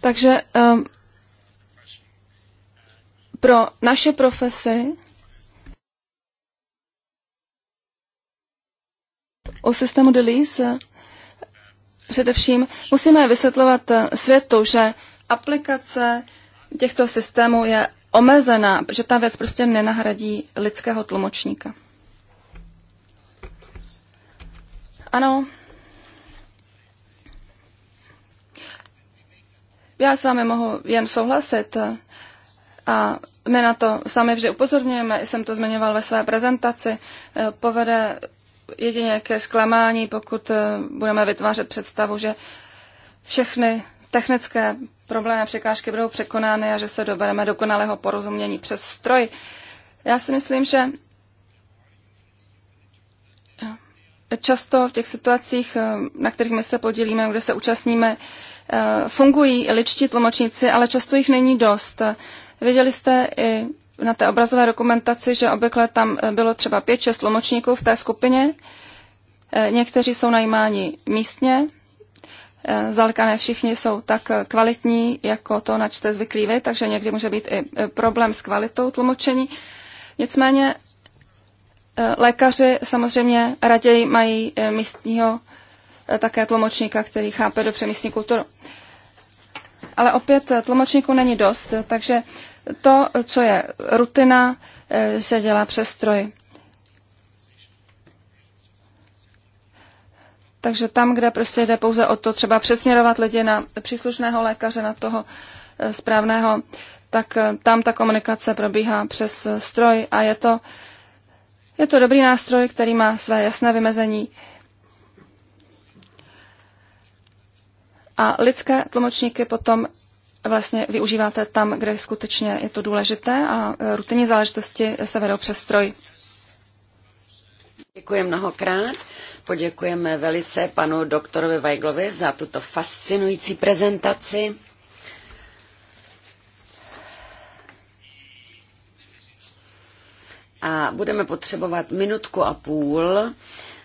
Takže um, pro naše profesy o systému DELEASE především musíme vysvětlovat světu, že aplikace těchto systémů je omezená, že ta věc prostě nenahradí lidského tlumočníka. Ano. Já s vámi mohu jen souhlasit a my na to sami vždy upozorňujeme, jsem to zmiňoval ve své prezentaci, eh, povede jedině nějaké zklamání, pokud eh, budeme vytvářet představu, že všechny technické problémy a překážky budou překonány a že se dobereme dokonalého porozumění přes stroj. Já si myslím, že často v těch situacích, eh, na kterých my se podělíme, kde se účastníme, eh, fungují ličtí tlumočníci, ale často jich není dost. Viděli jste i na té obrazové dokumentaci, že obvykle tam eh, bylo třeba 5-6 tlumočníků v té skupině. Eh, někteří jsou najímáni místně, eh, zdaleka ne všichni jsou tak kvalitní, jako to načte zvyklí vy, takže někdy může být i problém s kvalitou tlumočení. Nicméně lékaři samozřejmě raději mají místního také tlumočníka, který chápe dobře místní kulturu. Ale opět tlumočníků není dost, takže to, co je rutina, eh, se dělá přes stroj. Takže tam, kde prostě jde pouze o to třeba přesměrovat lidi na příslušného lékaře, na toho eh, správného, tak eh, tam ta komunikace probíhá přes stroj a je to, je to dobrý nástroj, který má své jasné vymezení. A lidské tlumočníky potom vlastně využíváte tam, kde skutečně je to důležité a e, rutinní záležitosti e, se vedou přes stroj. Děkuji mnohokrát. Poděkujeme velice panu doktorovi Weiglovi za tuto fascinující prezentaci. A budeme potřebovat minutku a půl,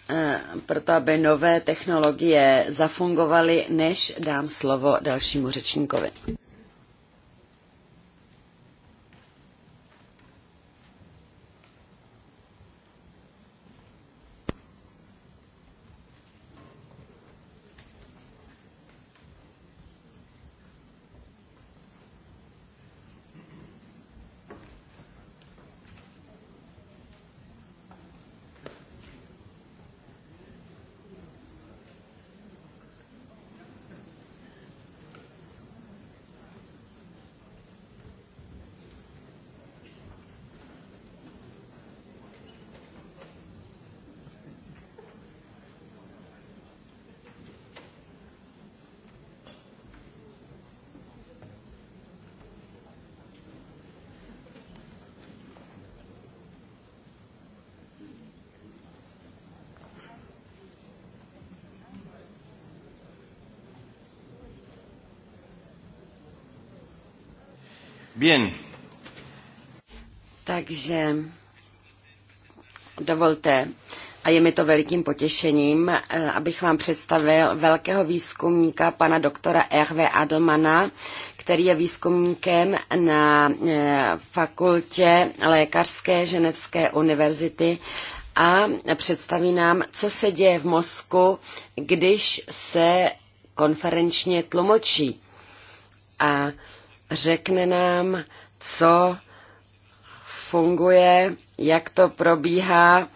e, proto aby nové technologie zafungovaly, než dám slovo dalšímu řečníkovi. Bien. Takže dovolte, a je mi to velikým potěšením, eh, abych vám představil velkého výzkumníka pana doktora Hervé Adelmana, který je výzkumníkem na eh, fakultě Lékařské ženevské univerzity a představí nám, co se děje v mozku, když se konferenčně tlumočí. A řekne nám, co funguje, jak to probíhá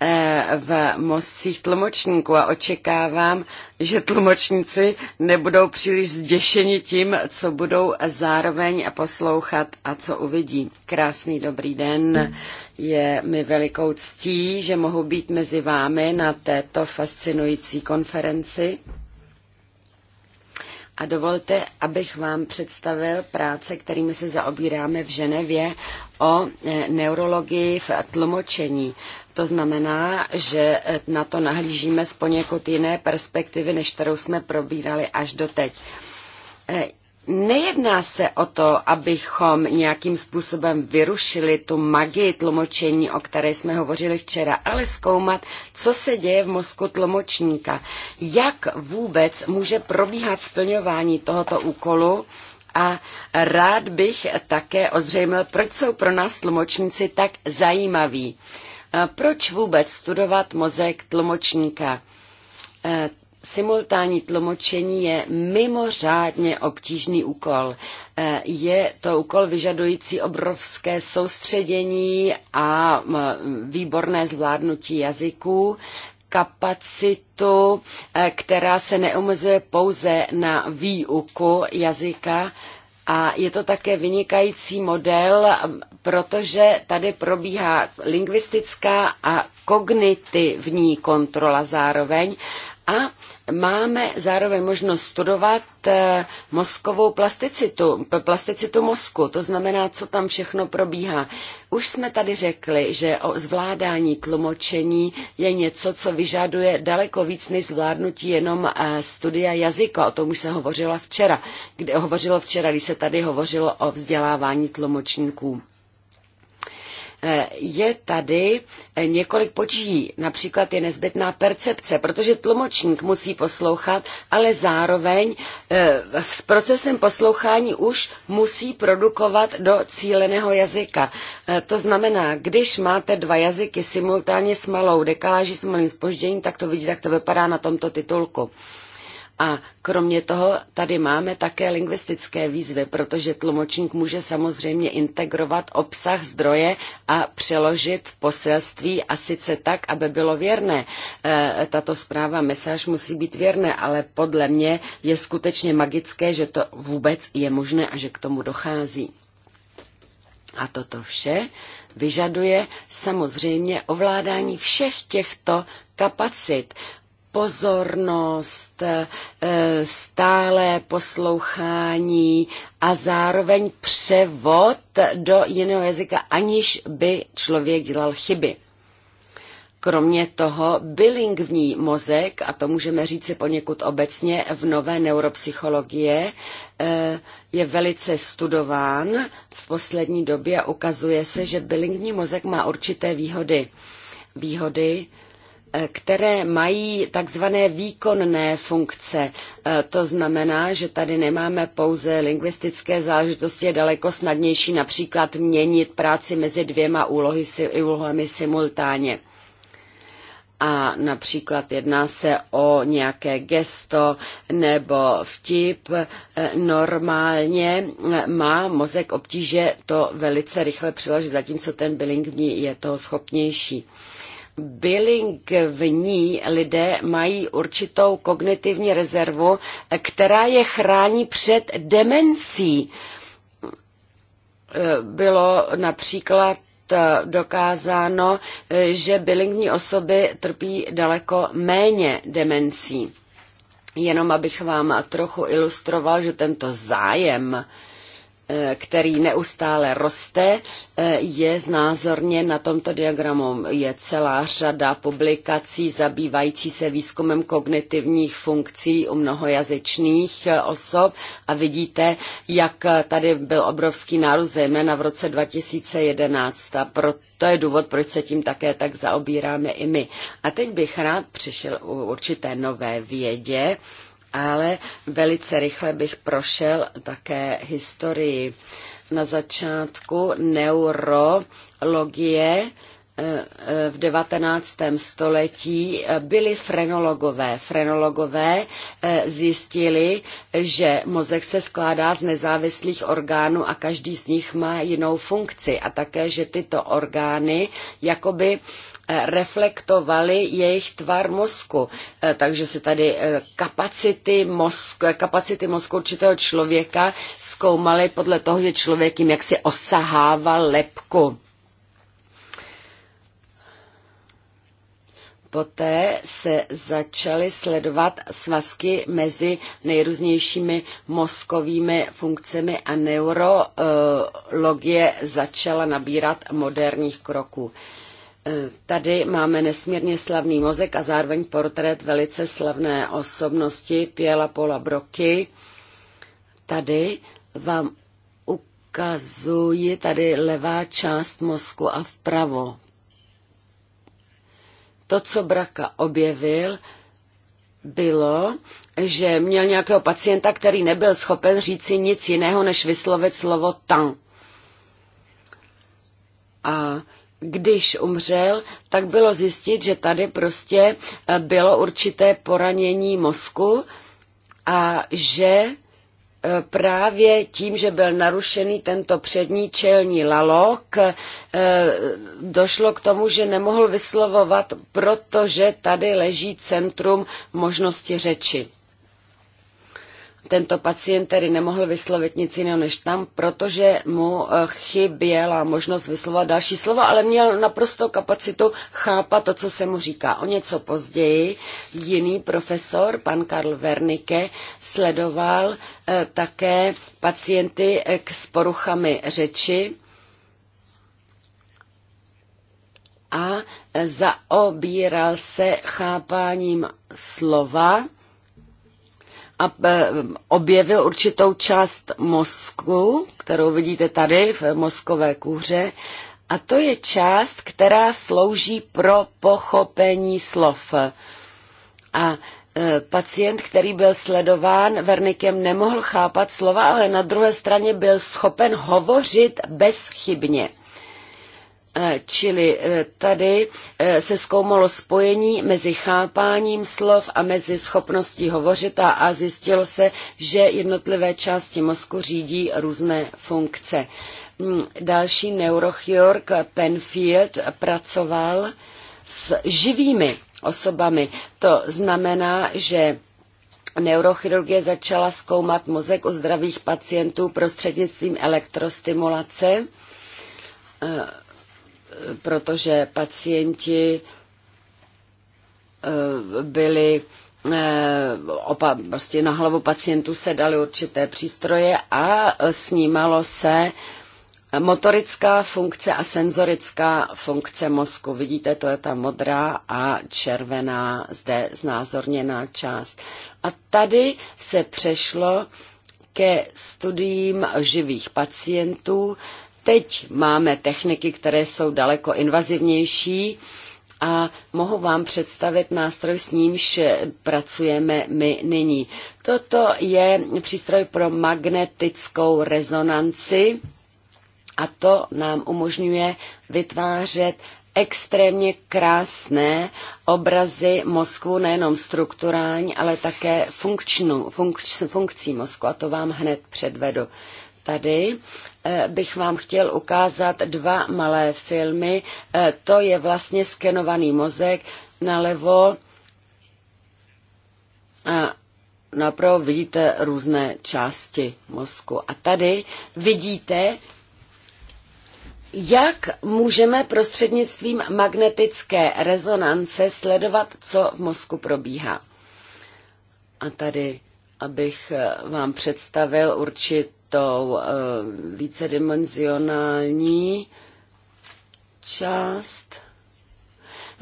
eh, v mostcích tlumočníků a očekávám, že tlumočníci nebudou příliš zděšeni tím, co budou zároveň poslouchat a co uvidí. Krásný dobrý den, je mi velikou ctí, že mohu být mezi vámi na této fascinující konferenci. A dovolte, abych vám představil práce, kterými se zaobíráme v Ženevě o e, neurologii v tlumočení. To znamená, že e, na to nahlížíme z poněkud jiné perspektivy, než kterou jsme probírali až doteď. E, Nejedná se o to, abychom nějakým způsobem vyrušili tu magii tlumočení, o které jsme hovořili včera, ale zkoumat, co se děje v mozku tlumočníka. Jak vůbec může probíhat splňování tohoto úkolu? A rád bych také ozřejmil, proč jsou pro nás tlumočníci tak zajímaví. Proč vůbec studovat mozek tlumočníka? simultánní tlumočení je mimořádně obtížný úkol. E, je to úkol vyžadující obrovské soustředění a výborné zvládnutí jazyků, kapacitu, e, která se neomezuje pouze na výuku jazyka, a je to také vynikající model, protože tady probíhá lingvistická a kognitivní kontrola zároveň a máme zároveň možnost studovat eh, mozkovou plasticitu, plasticitu mozku, to znamená, co tam všechno probíhá. Už jsme tady řekli, že o zvládání tlumočení je něco, co vyžaduje daleko víc než zvládnutí jenom eh, studia jazyka. O tom už se hovořila včera, kde hovořilo včera, když se tady hovořilo o vzdělávání tlumočníků je tady eh, několik počí. Například je nezbytná percepce, protože tlumočník musí poslouchat, ale zároveň eh, s procesem poslouchání už musí produkovat do cíleného jazyka. Eh, to znamená, když máte dva jazyky simultánně s malou dekaláží, s malým spožděním, tak to vidíte, jak to vypadá na tomto titulku. A kromě toho tady máme také lingvistické výzvy, protože tlumočník může samozřejmě integrovat obsah zdroje a přeložit poselství a sice tak, aby bylo věrné. E, tato zpráva, mesáž musí být věrné, ale podle mě je skutečně magické, že to vůbec je možné a že k tomu dochází. A toto vše vyžaduje samozřejmě ovládání všech těchto kapacit pozornost, eh, stále poslouchání a zároveň převod do jiného jazyka, aniž by člověk dělal chyby. Kromě toho bilingvní mozek, a to můžeme říci poněkud obecně, v nové neuropsychologie eh, je velice studován v poslední době a ukazuje se, že bilingvní mozek má určité výhody. Výhody které mají takzvané výkonné funkce. E, to znamená, že tady nemáme pouze lingvistické záležitosti, je daleko snadnější například měnit práci mezi dvěma úlohy, úlohami simultánně. A například jedná se o nějaké gesto nebo vtip. E, normálně e, má mozek obtíže to velice rychle přiložit, zatímco ten bilingvní je toho schopnější bilingvní lidé mají určitou kognitivní rezervu, která je chrání před demencí. Bylo například dokázáno, že bilingvní osoby trpí daleko méně demencí. Jenom abych vám trochu ilustroval, že tento zájem který neustále roste, eh, je znázorně na tomto diagramu. Je celá řada publikací zabývající se výzkumem kognitivních funkcí u mnohojazyčných eh, osob a vidíte, jak eh, tady byl obrovský nárůst, zejména v roce 2011. A proto to je důvod, proč se tím také tak zaobíráme i my. A teď bych rád přišel u určité nové vědě, ale velice rychle bych prošel také historii. Na začátku neurologie eh, eh, v 19. století eh, byli frenologové. Frenologové zjistili, že mozek se skládá z nezávislých orgánů a každý z nich má jinou funkci a také, že tyto orgány jakoby reflektovaly jejich tvar mozku. Eh, takže se tady eh, kapacity mozku, eh, kapacity mozku určitého člověka zkoumaly podle toho, že člověk jim jaksi osahával lepku. Poté se začaly sledovat svazky mezi nejrůznějšími mozkovými funkcemi a neurologie začala nabírat moderních kroků. Tady máme nesmírně slavný mozek a zároveň portrét velice slavné osobnosti Piela Pola Broky. Tady vám ukazuji tady levá část mozku a vpravo. To, co Braka objevil, bylo, že měl nějakého pacienta, který nebyl schopen říci nic jiného, než vyslovit slovo tam. A když umřel, tak bylo zjistit, že tady prostě eh, bylo určité poranění mozku a že eh, právě tím, že byl narušený tento přední čelní lalok, eh, došlo k tomu, že nemohl vyslovovat, protože tady leží centrum možnosti řeči. Tento pacient tedy nemohl vyslovit nic jiného než tam, protože mu eh, chyběla možnost vyslovat další slova, ale měl naprosto kapacitu chápat to, co se mu říká. O něco později jiný profesor, pan Karl Wernicke, sledoval eh, také pacienty eh, s poruchami řeči, a zaobíral se chápáním slova a e, objevil určitou část mozku, kterou vidíte tady v mozkové kůře, a to je část, která slouží pro pochopení slov. A e, pacient, který byl sledován Vernikem, nemohl chápat slova, ale na druhé straně byl schopen hovořit bezchybně. Eh, čili eh, tady eh, se zkoumalo spojení mezi chápáním slov a mezi schopností hovořit a, zjistilo se, že jednotlivé části mozku řídí různé funkce. Mm, další neurochirurg Penfield pracoval s živými osobami. To znamená, že neurochirurgie začala zkoumat mozek u zdravých pacientů prostřednictvím elektrostimulace protože pacienti eh, byli eh, opa, prostě na hlavu pacientů se dali určité přístroje a snímalo se motorická funkce a senzorická funkce mozku. Vidíte, to je ta modrá a červená zde znázorněná část. A tady se přešlo ke studiím živých pacientů, Teď máme techniky, které jsou daleko invazivnější a mohu vám představit nástroj, s nímž pracujeme my nyní. Toto je přístroj pro magnetickou rezonanci a to nám umožňuje vytvářet extrémně krásné obrazy mozku, nejenom strukturální, ale také funkčnou, funkč, funkcí mozku. A to vám hned předvedu. Tady Eh, bych vám chtěl ukázat dva malé filmy. Eh, to je vlastně skenovaný mozek nalevo. A napravo vidíte různé části mozku. A tady vidíte, jak můžeme prostřednictvím magnetické rezonance sledovat, co v mozku probíhá. A tady, abych eh, vám představil určit určitou eh, vícedimenzionální část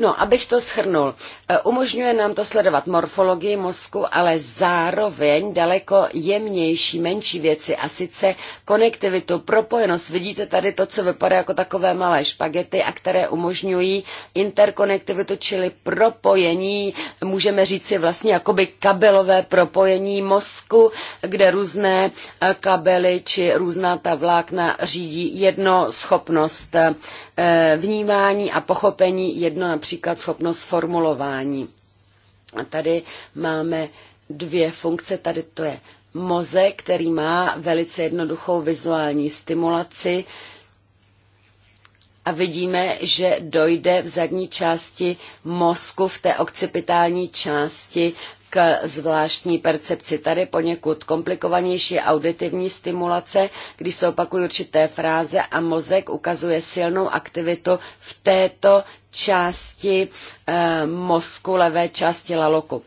No, abych to schrnul, eh, umožňuje nám to sledovat morfologii mozku, ale zároveň daleko jemnější, menší věci a sice konektivitu, propojenost. Vidíte tady to, co vypadá jako takové malé špagety a které umožňují interkonektivitu, čili propojení, můžeme říci vlastně jakoby kabelové propojení mozku, kde různé eh, kabely či různá ta vlákna řídí jedno schopnost eh, vnímání a pochopení, jedno například například schopnost formulování. A tady máme dvě funkce, tady to je mozek, který má velice jednoduchou vizuální stimulaci a vidíme, že dojde v zadní části mozku, v té okcipitální části k zvláštní percepci. Tady poněkud komplikovanější auditivní stimulace, když se opakují určité fráze a mozek ukazuje silnou aktivitu v této části e, mozku, levé části laloku.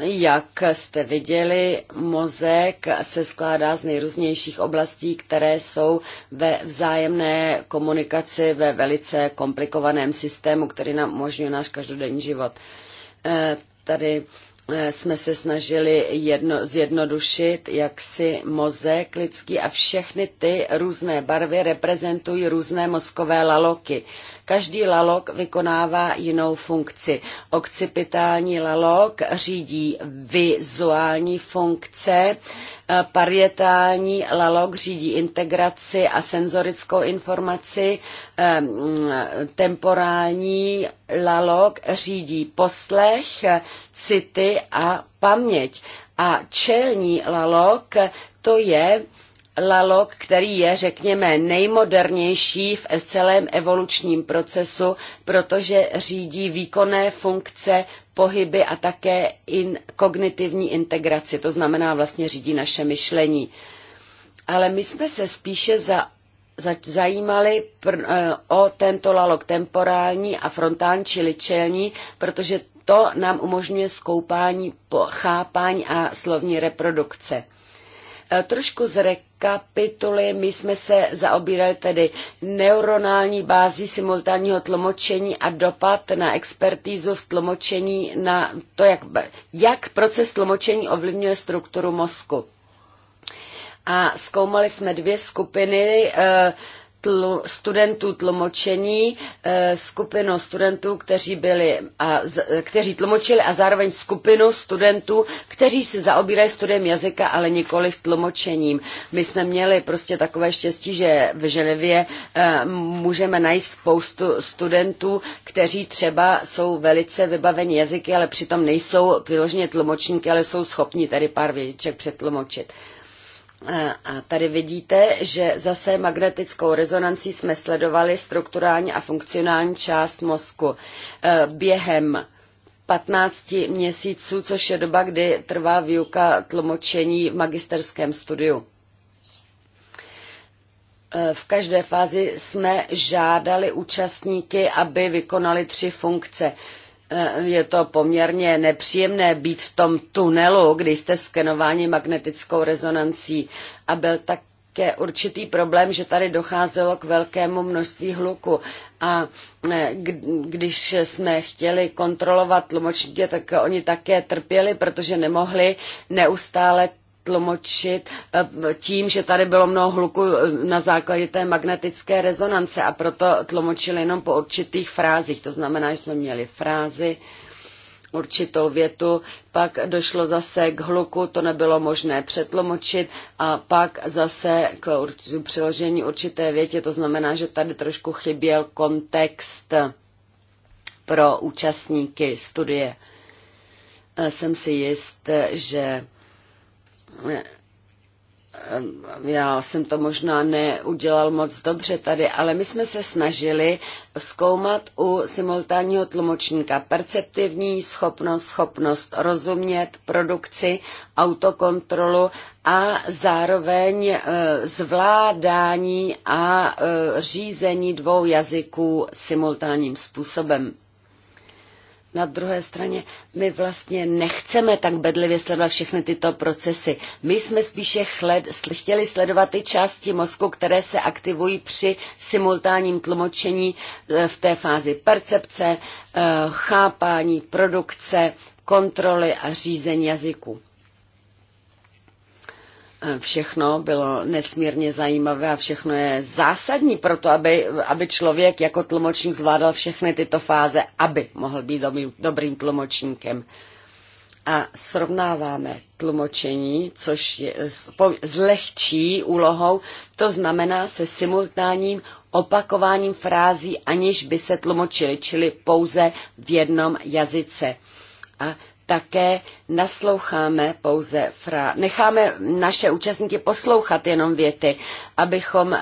Jak jste viděli, mozek se skládá z nejrůznějších oblastí, které jsou ve vzájemné komunikaci ve velice komplikovaném systému, který nám umožňuje náš každodenní život. Eh, tady eh, jsme se snažili jedno, zjednodušit, jak si mozek lidský a všechny ty různé barvy reprezentují různé mozkové laloky. Každý lalok vykonává jinou funkci. Okcipitální lalok řídí vizuální funkce, eh, parietální lalok řídí integraci a senzorickou informaci, eh, mm, temporální lalok řídí poslech, city a paměť. A čelní lalok to je Lalok, který je, řekněme, nejmodernější v celém evolučním procesu, protože řídí výkonné funkce, pohyby a také in, kognitivní integraci, to znamená vlastně řídí naše myšlení. Ale my jsme se spíše za, za, zajímali pr, eh, o tento lalok temporální a frontální, čili čelní, protože to nám umožňuje skoupání, chápání a slovní reprodukce. Eh, trošku zrekapituluji, my jsme se zaobírali tedy neuronální bází simultánního tlumočení a dopad na expertízu v tlumočení na to, jak, jak proces tlumočení ovlivňuje strukturu mozku. A zkoumali jsme dvě skupiny uh, tlu, studentů tlumočení, eh, skupinu studentů, kteří, byli a, kteří tlumočili a zároveň skupinu studentů, kteří se zaobírají studiem jazyka, ale nikoli v tlumočením. My jsme měli prostě takové štěstí, že v Ženevě eh, můžeme najít spoustu studentů, kteří třeba jsou velice vybaveni jazyky, ale přitom nejsou vyloženě tlumočníky, ale jsou schopni tady pár větiček přetlumočit. A tady vidíte, že zase magnetickou rezonancí jsme sledovali strukturální a funkcionální část mozku. E, během 15 měsíců, což je doba, kdy trvá výuka tlumočení v magisterském studiu. E, v každé fázi jsme žádali účastníky, aby vykonali tři funkce. Eh, je to poměrně nepříjemné být v tom tunelu, kdy jste skenováni magnetickou rezonancí. A byl také určitý problém, že tady docházelo k velkému množství hluku. A eh, když jsme chtěli kontrolovat tlumočníky, tak oni také trpěli, protože nemohli neustále tlumočit eh, tím, že tady bylo mnoho hluku eh, na základě té magnetické rezonance a proto tlumočili jenom po určitých frázích. To znamená, že jsme měli frázi, určitou větu, pak došlo zase k hluku, to nebylo možné přetlumočit a pak zase k přiložení určité větě, to znamená, že tady trošku chyběl kontext pro účastníky studie. Eh, jsem si jist, že já jsem to možná neudělal moc dobře tady, ale my jsme se snažili zkoumat u simultánního tlumočníka perceptivní schopnost, schopnost rozumět produkci, autokontrolu a zároveň e, zvládání a e, řízení dvou jazyků simultánním způsobem. Na druhé straně my vlastně nechceme tak bedlivě sledovat všechny tyto procesy. My jsme spíše chled, chtěli sledovat ty části mozku, které se aktivují při simultánním tlumočení e, v té fázi percepce, e, chápání, produkce, kontroly a řízení jazyku. Všechno bylo nesmírně zajímavé a všechno je zásadní pro to, aby, aby člověk jako tlumočník zvládal všechny tyto fáze, aby mohl být dobrým, dobrým tlumočníkem. A srovnáváme tlumočení, což je s lehčí úlohou, to znamená se simultánním opakováním frází, aniž by se tlumočili, čili pouze v jednom jazyce. A také nasloucháme pouze fra, necháme naše účastníky poslouchat jenom věty, abychom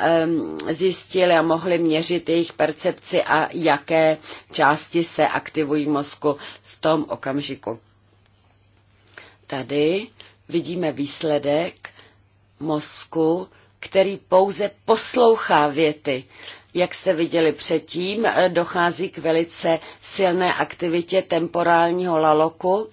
zjistili a mohli měřit jejich percepci a jaké části se aktivují v mozku v tom okamžiku. Tady vidíme výsledek mozku, který pouze poslouchá věty jak jste viděli předtím, dochází k velice silné aktivitě temporálního laloku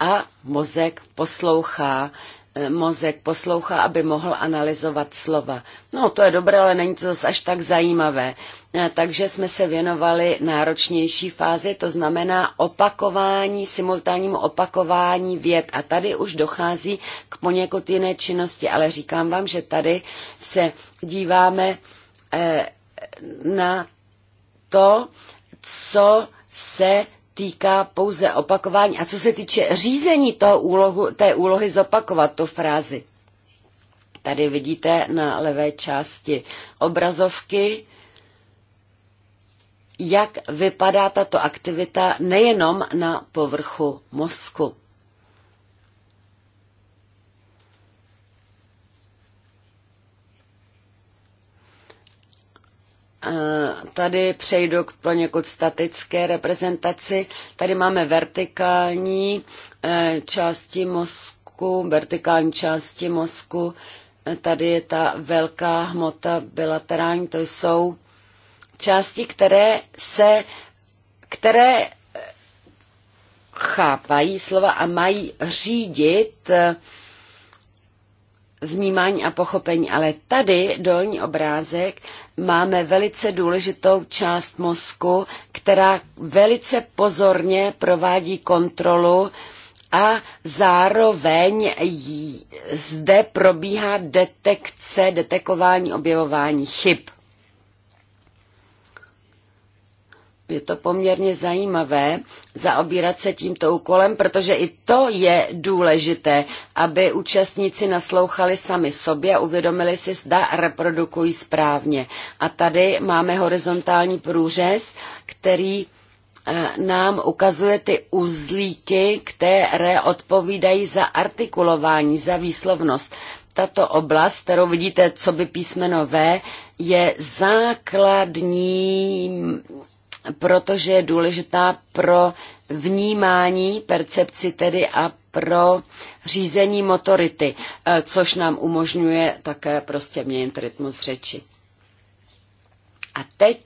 a mozek poslouchá Eh, mozek poslouchá, aby mohl analyzovat slova. No, to je dobré, ale není to zase až tak zajímavé. Eh, takže jsme se věnovali náročnější fázi, to znamená opakování, simultánnímu opakování věd. A tady už dochází k poněkud jiné činnosti, ale říkám vám, že tady se díváme eh, na to, co se týká pouze opakování. A co se týče řízení toho úlohu, té úlohy zopakovat tu frázi. Tady vidíte na levé části obrazovky, jak vypadá tato aktivita nejenom na povrchu mozku. Tady přejdu k poněkud statické reprezentaci. Tady máme vertikální eh, části mozku, vertikální části mozku. Eh, tady je ta velká hmota bilaterální, to jsou části, které se, které eh, chápají slova a mají řídit uh, vnímání a pochopení, ale tady dolní obrázek máme velice důležitou část mozku, která velice pozorně provádí kontrolu a zároveň zde probíhá detekce, detekování, objevování chyb. je to poměrně zajímavé zaobírat se tímto úkolem, protože i to je důležité, aby účastníci naslouchali sami sobě a uvědomili si, zda reprodukují správně. A tady máme horizontální průřez, který eh, nám ukazuje ty uzlíky, které odpovídají za artikulování, za výslovnost tato oblast, kterou vidíte, co by písmeno V, je základní protože je důležitá pro vnímání, percepci tedy a pro řízení motority, eh, což nám umožňuje také prostě měnit rytmus řeči. A teď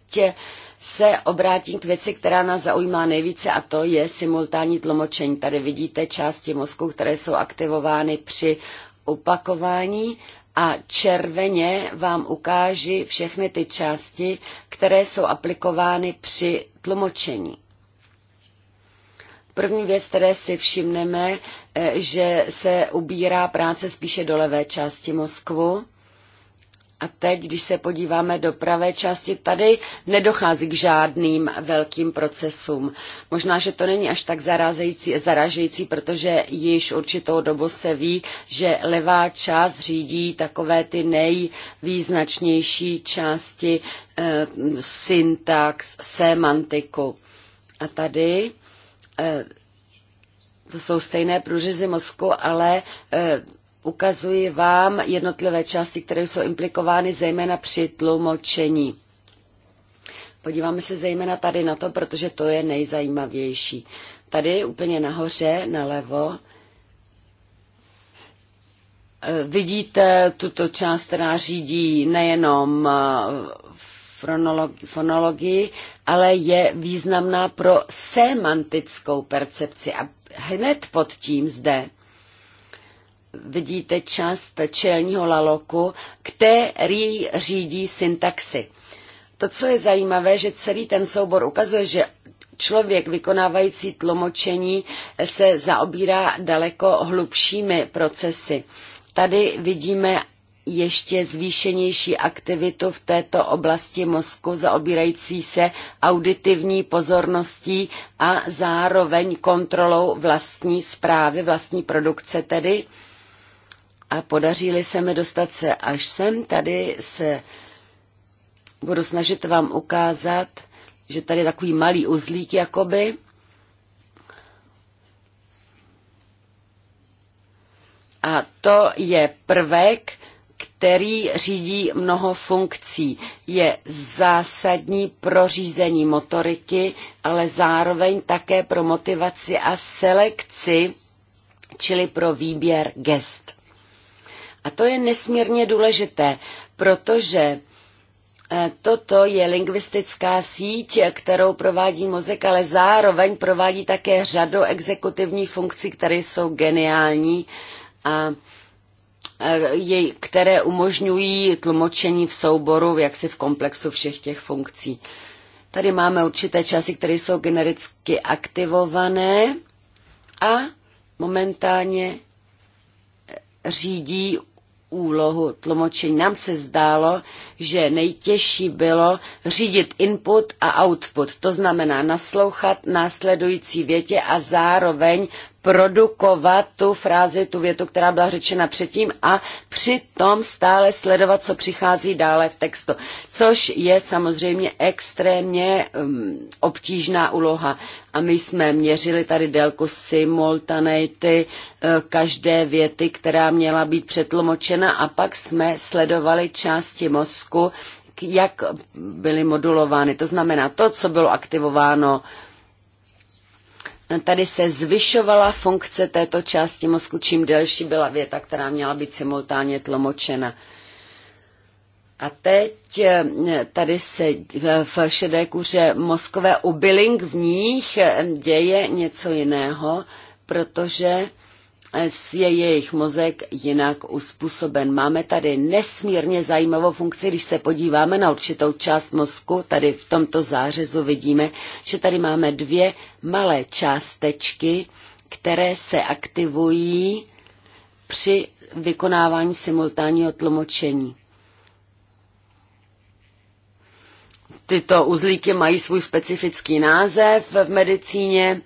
se obrátím k věci, která nás zaujímá nejvíce a to je simultánní tlumočení. Tady vidíte části mozku, které jsou aktivovány při opakování a červeně vám ukáži všechny ty části, které jsou aplikovány při tlumočení. První věc, které si všimneme, eh, že se ubírá práce spíše do levé části mozku a teď, když se podíváme do pravé části, tady nedochází k žádným velkým procesům. Možná, že to není až tak zarážející, zarážející protože již určitou dobu se ví, že levá část řídí takové ty nejvýznačnější části e, syntax, semantiku. A tady e, to jsou stejné průřezy mozku, ale e, Ukazuji vám jednotlivé části, které jsou implikovány zejména při tlumočení. Podíváme se zejména tady na to, protože to je nejzajímavější. Tady úplně nahoře, nalevo, eh, vidíte tuto část, která řídí nejenom eh, fonologii, ale je významná pro semantickou percepci. A hned pod tím zde vidíte část čelního laloku, který řídí syntaxi. To, co je zajímavé, že celý ten soubor ukazuje, že člověk vykonávající tlumočení se zaobírá daleko hlubšími procesy. Tady vidíme ještě zvýšenější aktivitu v této oblasti mozku, zaobírající se auditivní pozorností a zároveň kontrolou vlastní zprávy, vlastní produkce tedy a podaří se mi dostat se až sem, tady se budu snažit vám ukázat, že tady je takový malý uzlík jakoby. A to je prvek, který řídí mnoho funkcí. Je zásadní pro řízení motoriky, ale zároveň také pro motivaci a selekci, čili pro výběr gest. A to je nesmírně důležité, protože eh, Toto je lingvistická síť, kterou provádí mozek, ale zároveň provádí také řadu exekutivních funkcí, které jsou geniální a eh, které umožňují tlumočení v souboru, jaksi v komplexu všech těch funkcí. Tady máme určité časy, které jsou genericky aktivované a momentálně eh, řídí úlohu tlumočení. Nám se zdálo, že nejtěžší bylo řídit input a output, to znamená naslouchat následující větě a zároveň produkovat tu frázi, tu větu, která byla řečena předtím a přitom stále sledovat, co přichází dále v textu, což je samozřejmě extrémně um, obtížná úloha. A my jsme měřili tady délku simultaneity uh, každé věty, která měla být přetlumočena a pak jsme sledovali části mozku, jak byly modulovány. To znamená, to, co bylo aktivováno tady se zvyšovala funkce této části mozku, čím delší byla věta, která měla být simultánně tlumočena. A teď eh, tady se eh, v šedé kůře mozkové u bilingvních eh, děje něco jiného, protože je jejich mozek jinak uspůsoben. Máme tady nesmírně zajímavou funkci, když se podíváme na určitou část mozku, tady v tomto zářezu vidíme, že tady máme dvě malé částečky, které se aktivují při vykonávání simultánního tlumočení. Tyto uzlíky mají svůj specifický název v medicíně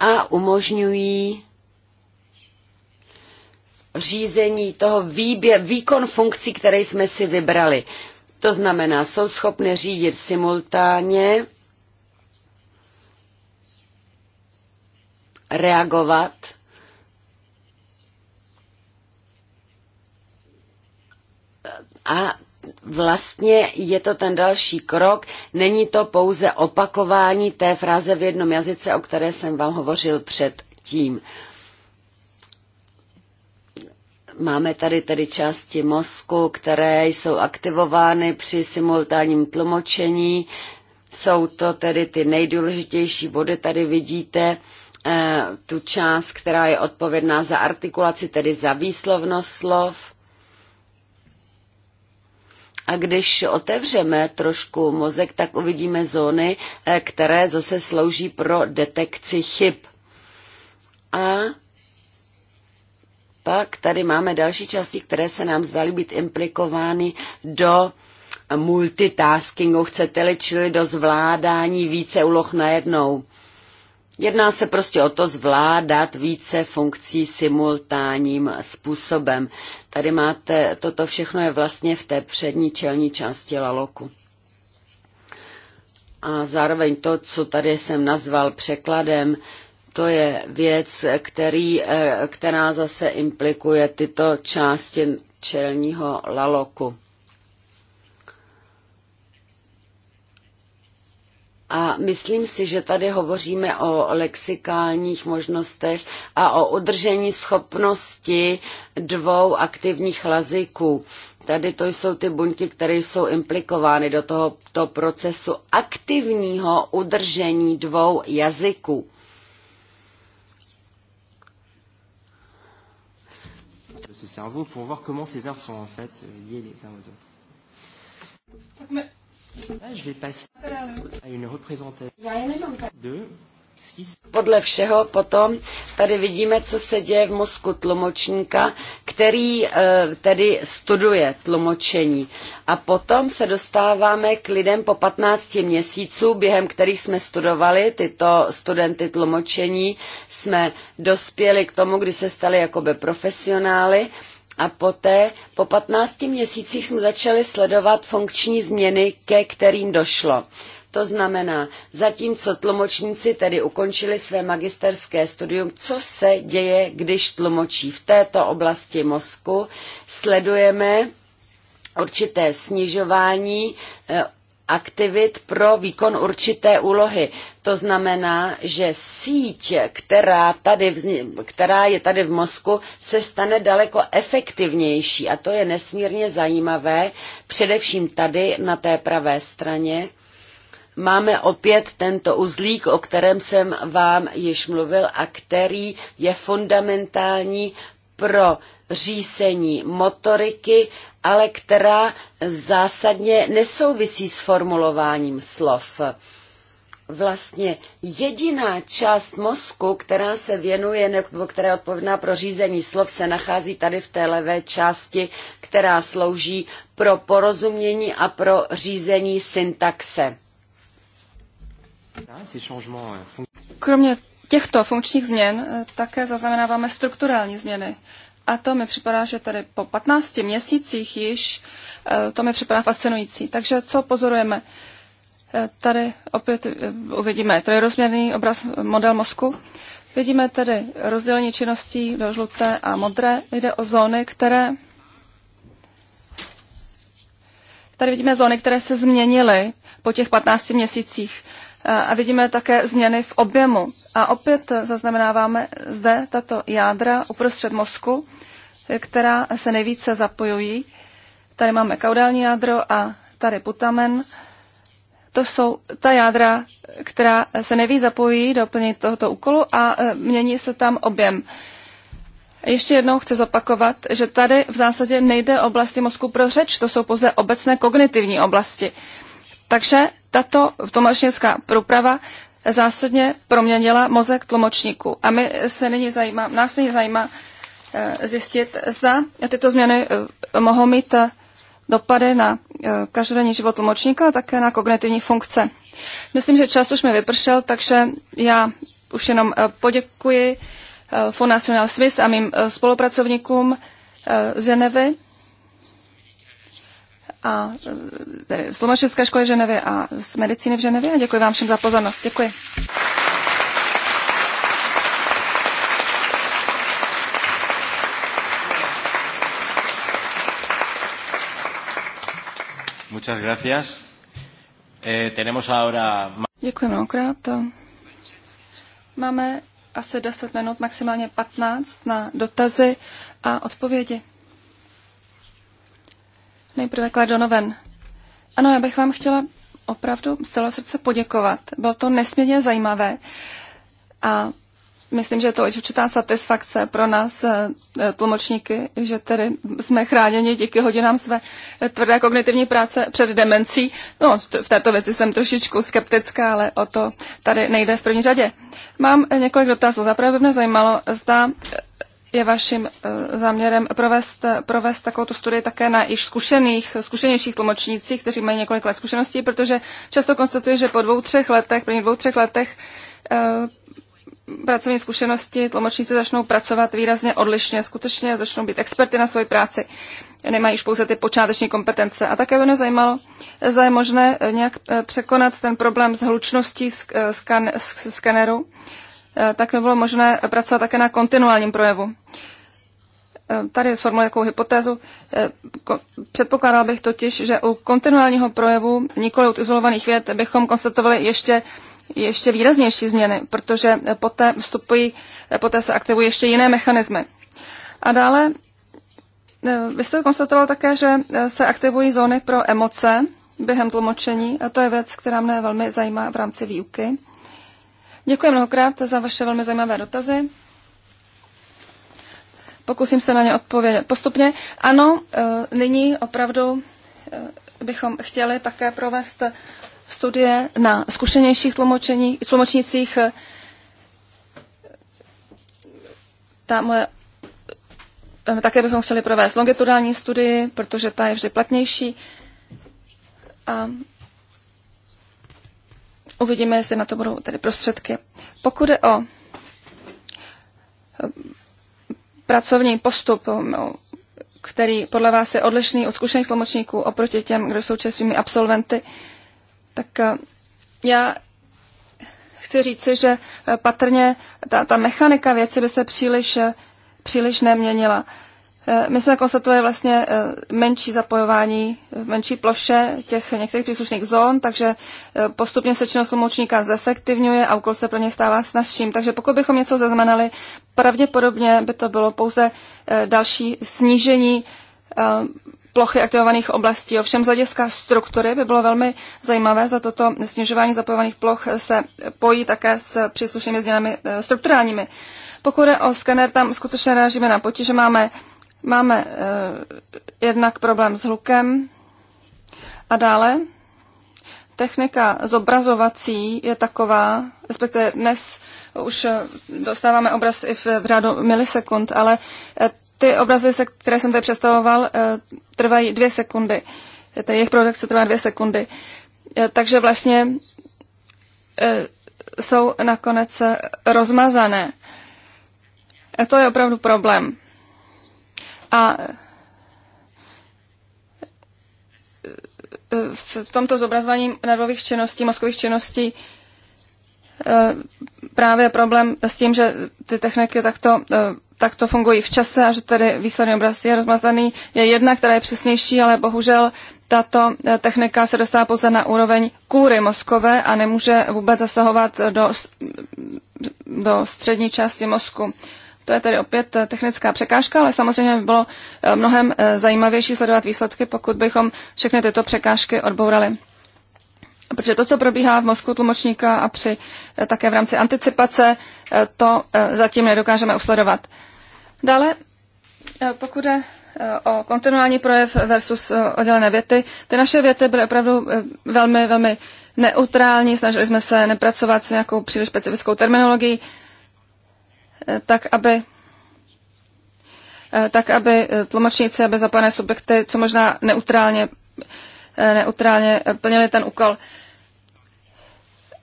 a umožňují řízení toho výběr, výkon funkcí, které jsme si vybrali. To znamená, jsou schopny řídit simultánně, reagovat a vlastně je to ten další krok, není to pouze opakování té fráze v jednom jazyce, o které jsem vám hovořil předtím. Máme tady tedy části mozku, které jsou aktivovány při simultánním tlumočení. Jsou to tedy ty nejdůležitější body. Tady vidíte eh, tu část, která je odpovědná za artikulaci, tedy za výslovnost slov a když otevřeme trošku mozek, tak uvidíme zóny, eh, které zase slouží pro detekci chyb. A pak tady máme další části, které se nám zdaly být implikovány do multitaskingu, chcete-li, čili do zvládání více úloh najednou. Jedná se prostě o to zvládat více funkcí simultánním způsobem. Tady máte, toto všechno je vlastně v té přední čelní části laloku. A zároveň to, co tady jsem nazval překladem, to je věc, který, eh, která zase implikuje tyto části čelního laloku. A myslím si, že tady hovoříme o lexikálních možnostech a o udržení schopnosti dvou aktivních jazyků. Tady to jsou ty buňky, které jsou implikovány do tohoto procesu aktivního udržení dvou jazyků. cerveau pour voir comment ces arts sont en fait euh, liés les uns aux autres. Podle všeho potom tady vidíme, co se děje v mozku tlumočníka, který eh, tedy studuje tlumočení. A potom se dostáváme k lidem po 15 měsíců, během kterých jsme studovali tyto studenty tlumočení. Jsme dospěli k tomu, kdy se stali jakoby profesionály a poté, po 15 měsících jsme začali sledovat funkční změny, ke kterým došlo. To znamená, zatímco tlumočníci tedy ukončili své magisterské studium, co se děje, když tlumočí v této oblasti mozku, sledujeme určité snižování eh, aktivit pro výkon určité úlohy. To znamená, že síť, která, tady vzni- která je tady v mozku, se stane daleko efektivnější. A to je nesmírně zajímavé, především tady na té pravé straně. Máme opět tento uzlík, o kterém jsem vám již mluvil a který je fundamentální pro řízení motoriky, ale která zásadně nesouvisí s formulováním slov. Vlastně jediná část mozku, která se věnuje nebo která je odpovědná pro řízení slov, se nachází tady v té levé části, která slouží pro porozumění a pro řízení syntaxe. Ah, euh, Kromě těchto funkčních změn eh, také zaznamenáváme strukturální změny. A to mi připadá, že tady po 15 měsících již, eh, to mi připadá fascinující. Takže co pozorujeme? Eh, tady opět uvidíme trojrozměrný obraz model mozku. Vidíme tady rozdělení činností do žluté a modré. Jde o zóny, které Tady vidíme zóny, které se změnily po těch 15 měsících a vidíme také změny v objemu. A opět zaznamenáváme zde tato jádra uprostřed mozku, která se nejvíce zapojují. Tady máme kaudální jádro a tady putamen. To jsou ta jádra, která se nejvíc zapojí do plnění tohoto úkolu a e, mění se tam objem. Ještě jednou chci zopakovat, že tady v zásadě nejde oblasti mozku pro řeč, to jsou pouze obecné kognitivní oblasti. Takže tato tlumočnická průprava zásadně proměnila mozek tlumočníků. A my se nyní zajímá, nás nyní zajímá eh, zjistit, zda tyto změny eh, mohou mít eh, dopady na každodenní život tlumočníka a také na kognitivní funkce. Myslím, že čas už mi vypršel, takže já už jenom poděkuji Fond National Swiss a mým spolupracovníkům z Genevy a tedy z Lomašovské školy v Ženevě a z medicíny v Ženevě. děkuji vám všem za pozornost. Děkuji. Muchas gracias. Eh, tenemos ahora... Děkuji mnohokrát. Máme asi 10 minut, maximálně 15 na dotazy a odpovědi. Nejprve Kledonoven. Ano, já bych vám chtěla opravdu z celého srdce poděkovat. Bylo to nesmírně zajímavé a myslím, že je to i určitá satisfakce pro nás eh, eh, tlumočníky, že tedy jsme chráněni díky hodinám své tvrdé kognitivní práce před demencí. No, v této věci jsem trošičku skeptická, ale o to tady nejde v první řadě. Mám eh, několik dotazů. Zaprvé by mě zajímalo, zda je vaším eh, záměrem provést, provést takovou studii také na již zkušených, zkušenějších tlumočnících, kteří mají několik let zkušeností, protože často konstatuje, že po dvou, třech letech, první dvou, třech letech eh, pracovní zkušenosti tlumočníci začnou pracovat výrazně odlišně, skutečně začnou být experty na svoji práci, nemají už pouze ty počáteční kompetence. A také by mě zajímalo, zda je možné eh, nějak překonat ten problém s hlučností skaneru, Eh, tak by bylo možné pracovat také na kontinuálním projevu. Eh, tady sformuluji takovou hypotézu. Eh, Předpokládal bych totiž, že u kontinuálního projevu, nikoli u izolovaných věd, bychom konstatovali ještě ještě výraznější změny, protože poté vstupují, poté se aktivují ještě jiné mechanismy. A dále vy jste konstatoval také, že se aktivují zóny pro emoce během tlumočení a to je věc, která mne velmi zajímá v rámci výuky. Děkuji mnohokrát za vaše velmi zajímavé dotazy. Pokusím se na ně odpovědět postupně. Ano, e, nyní opravdu e, bychom chtěli také provést studie na zkušenějších tlumočnících. E, ta moje také bychom chtěli provést longitudinální studii, protože ta je vždy platnější. A Uvidíme, jestli na to budou tedy prostředky. Pokud je o eh, pracovní postup, eh, který podle vás je odlišný od zkušených tlumočníků oproti těm, kdo jsou čerstvými absolventy, tak eh, já chci říci, že patrně ta, ta mechanika věci by se příliš, příliš neměnila. Eh, my jsme konstatovali vlastně eh, menší zapojování eh, menší ploše těch některých příslušných zón, takže postupně se činnost tlumočníka zefektivňuje a úkol se pro ně stává snažším. Takže pokud bychom něco zaznamenali, pravděpodobně by to bylo pouze další snížení plochy aktivovaných oblastí. Ovšem z hlediska struktury by bylo velmi zajímavé za toto snižování zapojovaných ploch se pojí také s příslušnými změnami strukturálními. Pokud je o skener, tam skutečně narážíme na potíže. Máme Máme eh, jednak problém s hlukem a dále technika zobrazovací je taková, respektive dnes už eh, dostáváme obraz i v řádu milisekund, ale eh, ty obrazy, které jsem tady představoval, trvají dvě sekundy. Ta jejich produkce trvá dvě sekundy. Takže vlastně jsou nakonec rozmazané. A to je opravdu problém. A e, v tomto zobrazování nervových činností, mozkových činností e, právě problém s tím, že ty techniky takto, e, takto fungují v čase a že tedy výsledný obraz je rozmazaný. Je jedna, která je přesnější, ale bohužel tato technika se dostává pouze na úroveň kůry mozkové a nemůže vůbec zasahovat do, do střední části mozku. To je tedy opět eh, technická překážka, ale samozřejmě by bylo eh, mnohem eh, zajímavější sledovat výsledky, pokud bychom všechny tyto překážky odbourali. Protože to, co probíhá v mozku tlumočníka a při, také v rámci anticipace, to zatím nedokážeme usledovat. Dále, pokud je o kontinuální projev versus oddělené věty. Ty naše věty byly opravdu velmi, velmi neutrální, snažili jsme se nepracovat s nějakou příliš specifickou terminologií tak aby eh, tak, aby tlumočníci, aby zapané subjekty co možná neutrálně, eh, neutrálně eh, plnili ten úkol.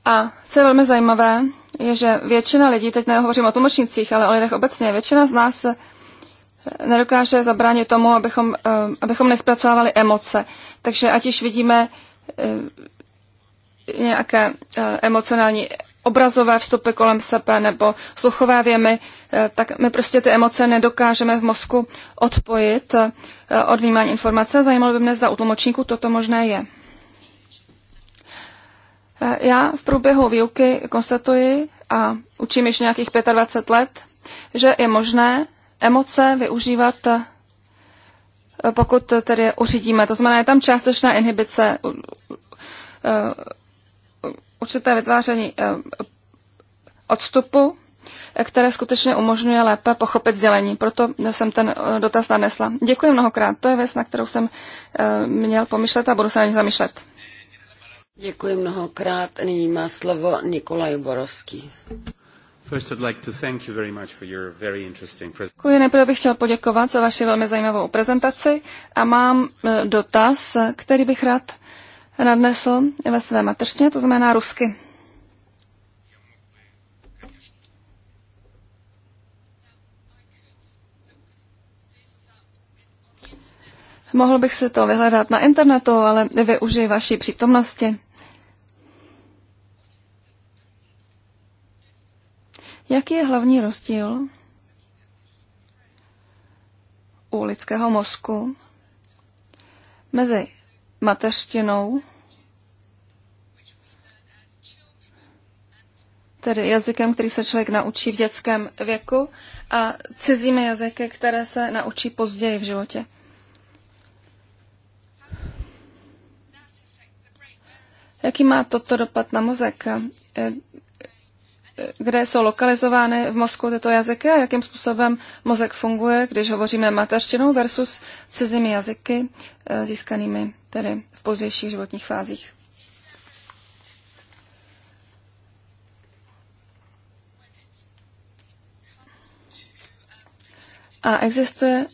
A co je velmi zajímavé, je, že většina lidí, teď nehovořím o tlumočnících, ale o lidech obecně, většina z nás nedokáže zabránit tomu, abychom, abychom nespracovávali emoce. Takže ať již vidíme nějaké emocionální obrazové vstupy kolem sebe nebo sluchové věmy, eh, tak my prostě ty emoce nedokážeme v mozku odpojit eh, od vnímání informace. Zajímalo by mě, zda u tlumočníku toto možné je. Eh, já v průběhu výuky konstatuji a učím již nějakých 25 let, že je možné emoce využívat pokud tedy uřídíme. To znamená, je tam částečná inhibice určité vytváření eh, odstupu, eh, které skutečně umožňuje lépe pochopit sdělení. Proto jsem ten eh, dotaz nanesla. Děkuji mnohokrát. To je věc, na kterou jsem měl pomyšlet a budu se na ní zamýšlet. Děkuji mnohokrát. Nyní má slovo Nikolaj Borovský. Děkuji, nejprve bych chtěl poděkovat za vaši velmi zajímavou prezentaci a mám dotaz, který bych rád nadnesl ve své mateřštině, to znamená rusky. Mohl bych si to vyhledat na internetu, ale využiji vaší přítomnosti. Jaký je hlavní rozdíl u lidského mozku mezi mateřštinou, tedy jazykem, který se člověk naučí v dětském věku, a cizími jazyky, které se naučí později v životě. Jaký má toto dopad na mozek? Kde jsou lokalizovány v mozku tyto jazyky a jakým způsobem mozek funguje, když hovoříme mateřštinou versus cizími jazyky eh, získanými tedy v pozdějších životních fázích. A existuje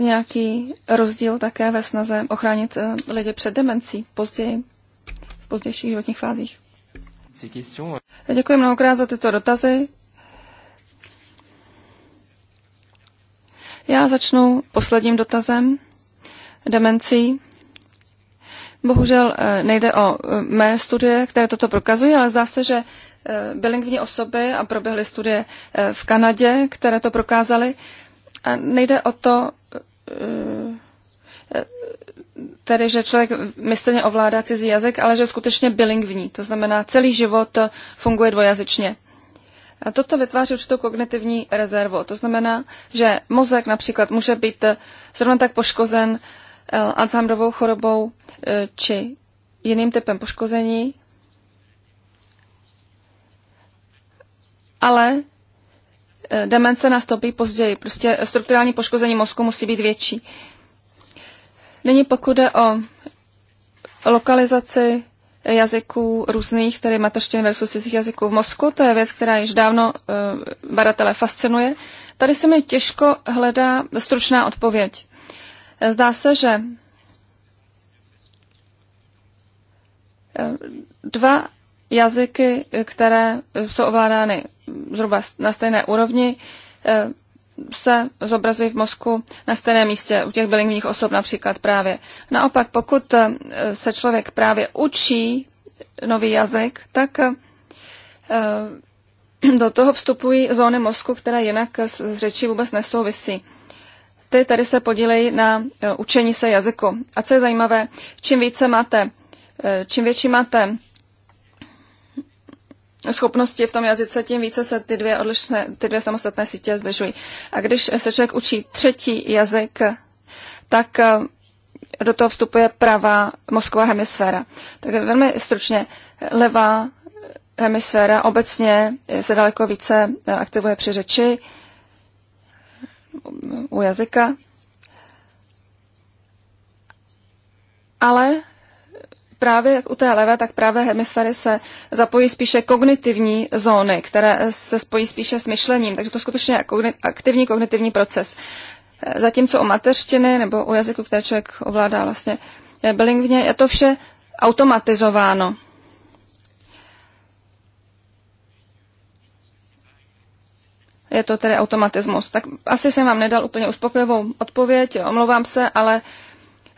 nějaký rozdíl také ve snaze ochránit eh, lidi před demencí později, v pozdějších životních fázích? Euh, Děkuji mnohokrát za tyto dotazy. Já začnu posledním dotazem, demencí Bohužel eh, nejde o eh, mé studie, které toto prokazují, ale zdá se, že eh, bilingvní osoby a proběhly studie v Kanadě, které to prokázaly. A nejde o to, tedy, že člověk mistrně ovládá cizí jazyk, ale že skutečně bilingvní. To znamená, celý život funguje dvojazyčně. A toto vytváří určitou kognitivní rezervu. To znamená, že mozek například může být zrovna tak poškozen Eh, Alzheimerovou chorobou eh, či jiným typem poškození, ale eh, demence nastoupí později. Prostě strukturální poškození mozku musí být větší. Nyní pokud jde o lokalizaci jazyků různých, tedy mateřštiny versus cizích jazyků v mozku, to je věc, která již dávno badatele fascinuje. Tady se mi těžko hledá stručná odpověď. Zdá se, že eh, dva jazyky, které jsou ovládány zhruba na stejné úrovni, eh, se zobrazují v mozku na stejném místě u těch bilingvních osob například právě. Naopak, pokud eh, se člověk právě učí nový jazyk, tak *clears throat* do toho vstupují zóny mozku, které jinak s řečí vůbec nesouvisí ty tady se podílejí na e, učení se jazyku. A co je zajímavé, čím více máte, e, čím větší máte schopnosti v tom jazyce, tím více se ty dvě, odlišné, ty dvě samostatné sítě zbližují. A když se člověk učí třetí jazyk, tak e, do toho vstupuje pravá mozková hemisféra. Tak velmi stručně, levá hemisféra obecně se daleko více aktivuje při řeči, u jazyka. Ale právě u té levé, tak právě hemisféry se zapojí spíše kognitivní zóny, které se spojí spíše s myšlením, takže to skutečně je aktivní kognitivní proces. Zatímco u mateřštiny nebo u jazyku, který člověk ovládá vlastně bilingvně, je to vše automatizováno. je to tedy automatismus. Tak asi jsem vám nedal úplně uspokojivou odpověď, omlouvám se, ale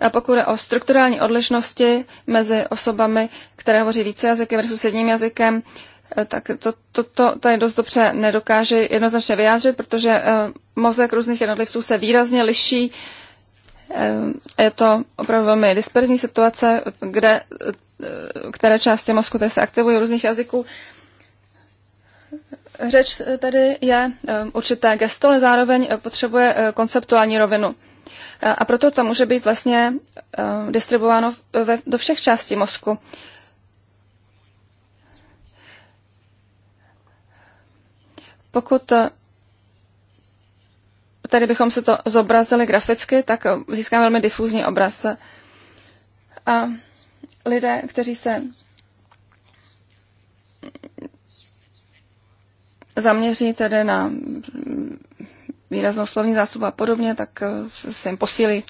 eh, pokud je o strukturální odlišnosti mezi osobami, které hovoří více jazyky versus jedním jazykem, eh, tak to, to, to tady dost dobře nedokáže jednoznačně vyjádřit, protože eh, mozek různých jednotlivců se výrazně liší. Je to opravdu velmi disperzní situace, kde, které části mozku se aktivují různých jazyků. Řeč tady je eh, určité gesto, ale zároveň eh, potřebuje eh, konceptuální rovinu. A proto to může být vlastně distribuováno do všech částí mozku. Pokud tady bychom se to zobrazili graficky, tak získáme velmi difúzní obraz. A lidé, kteří se zaměří tedy na výraznou slovní zástup a podobně, tak eh, se jim posílí.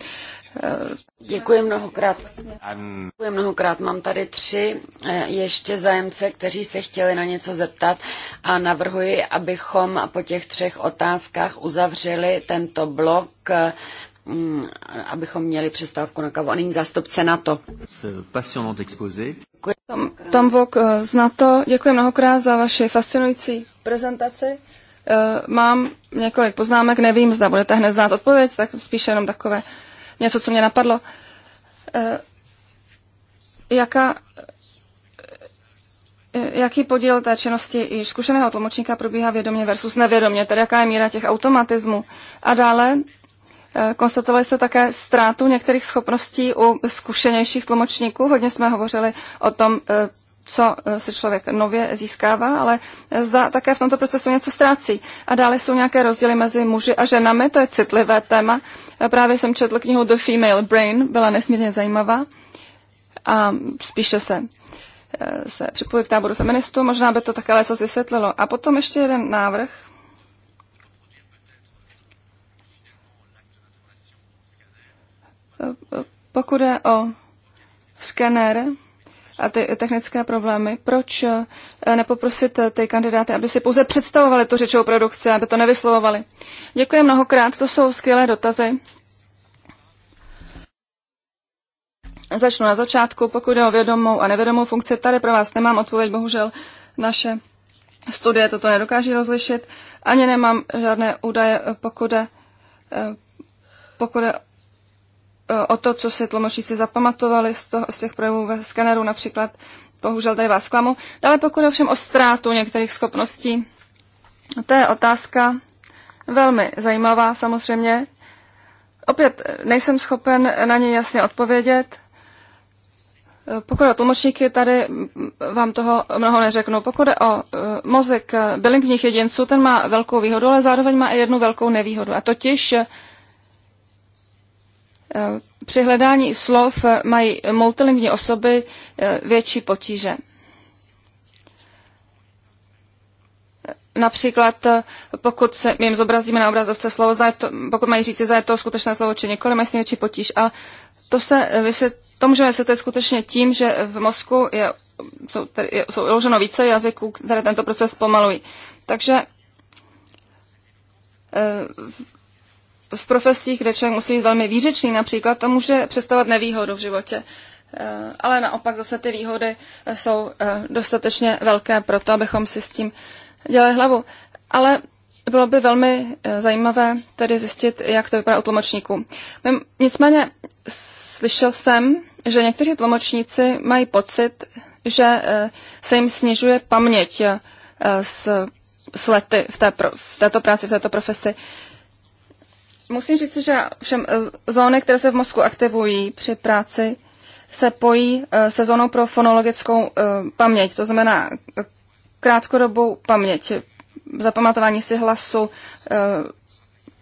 Eh, Děkuji mnohokrát. Děkuji mnohokrát. Mám tady tři eh, ještě zájemce, kteří se chtěli na něco zeptat a navrhuji, abychom po těch třech otázkách uzavřeli tento blok Mm, abychom měli přestávku na kavu. A nyní zástupce NATO. Tom, Tom Vok eh, z NATO, děkuji mnohokrát za vaši fascinující prezentaci. Eh, mám několik poznámek, nevím, zda budete hned znát odpověď, tak spíše jenom takové něco, co mě napadlo. Eh, jaká, jaký podíl té činnosti i zkušeného tlumočníka probíhá vědomě versus nevědomě, tedy jaká je míra těch automatismů. A dále Eh, konstatovali se také ztrátu některých schopností u zkušenějších tlumočníků. Hodně jsme hovořili o tom, eh, co eh, se člověk nově získává, ale zda také v tomto procesu něco ztrácí. A dále jsou nějaké rozdíly mezi muži a ženami, to je citlivé téma. Právě jsem četl knihu The Female Brain, byla nesmírně zajímavá a spíše se se připojit k táboru feministů, možná by to také něco vysvětlilo. A potom ještě jeden návrh, Pokud je o skener a ty technické problémy, proč eh, nepoprosit eh, ty kandidáty, aby si pouze představovali tu řečovou produkci, aby to nevyslovovali? Děkuji mnohokrát, to jsou skvělé dotazy. Začnu na začátku, pokud je o vědomou a nevědomou funkci, tady pro vás nemám odpověď, bohužel naše studie toto nedokáží rozlišit. Ani nemám žádné údaje, pokud je, eh, pokud je o to, co si tlumočníci zapamatovali z, toho, z těch projevů ve skeneru, například bohužel tady vás klamu. Dále pokud ovšem o ztrátu některých schopností, to je otázka velmi zajímavá samozřejmě. Opět nejsem schopen na ně jasně odpovědět. Pokud o tlumočníky, tady vám toho mnoho neřeknu. Pokud je o eh, mozek eh, bylinkních jedinců, ten má velkou výhodu, ale zároveň má i jednu velkou nevýhodu. A totiž Eh, při hledání slov eh, mají multilingní osoby eh, větší potíže. Například, pokud se jim zobrazíme na obrazovce slovo, zda je to, pokud mají říci zda je to skutečné slovo či nikoli, mají s tím větší potíž. A to, se, to můžeme se vysvětlit skutečně tím, že v mozku je, jsou, tady, jsou uloženo více jazyků, které tento proces pomalují. Takže v profesích, kde člověk musí být velmi výřečný například, to může představovat nevýhodu v životě. Eh, ale naopak zase ty výhody eh, jsou eh, dostatečně velké pro to, abychom si s tím dělali hlavu. Ale bylo by velmi zajímavé tedy zjistit, jak to vypadá u tlumočníků. Nicméně slyšel jsem, že někteří tlumočníci mají pocit, že se jim snižuje paměť s, s lety v, té, v této práci, v této profesi. Musím říct, že všem eh, zóny, které se v mozku aktivují při práci, se pojí eh, se zónou pro fonologickou eh, paměť, to znamená krátkodobou paměť, zapamatování si hlasu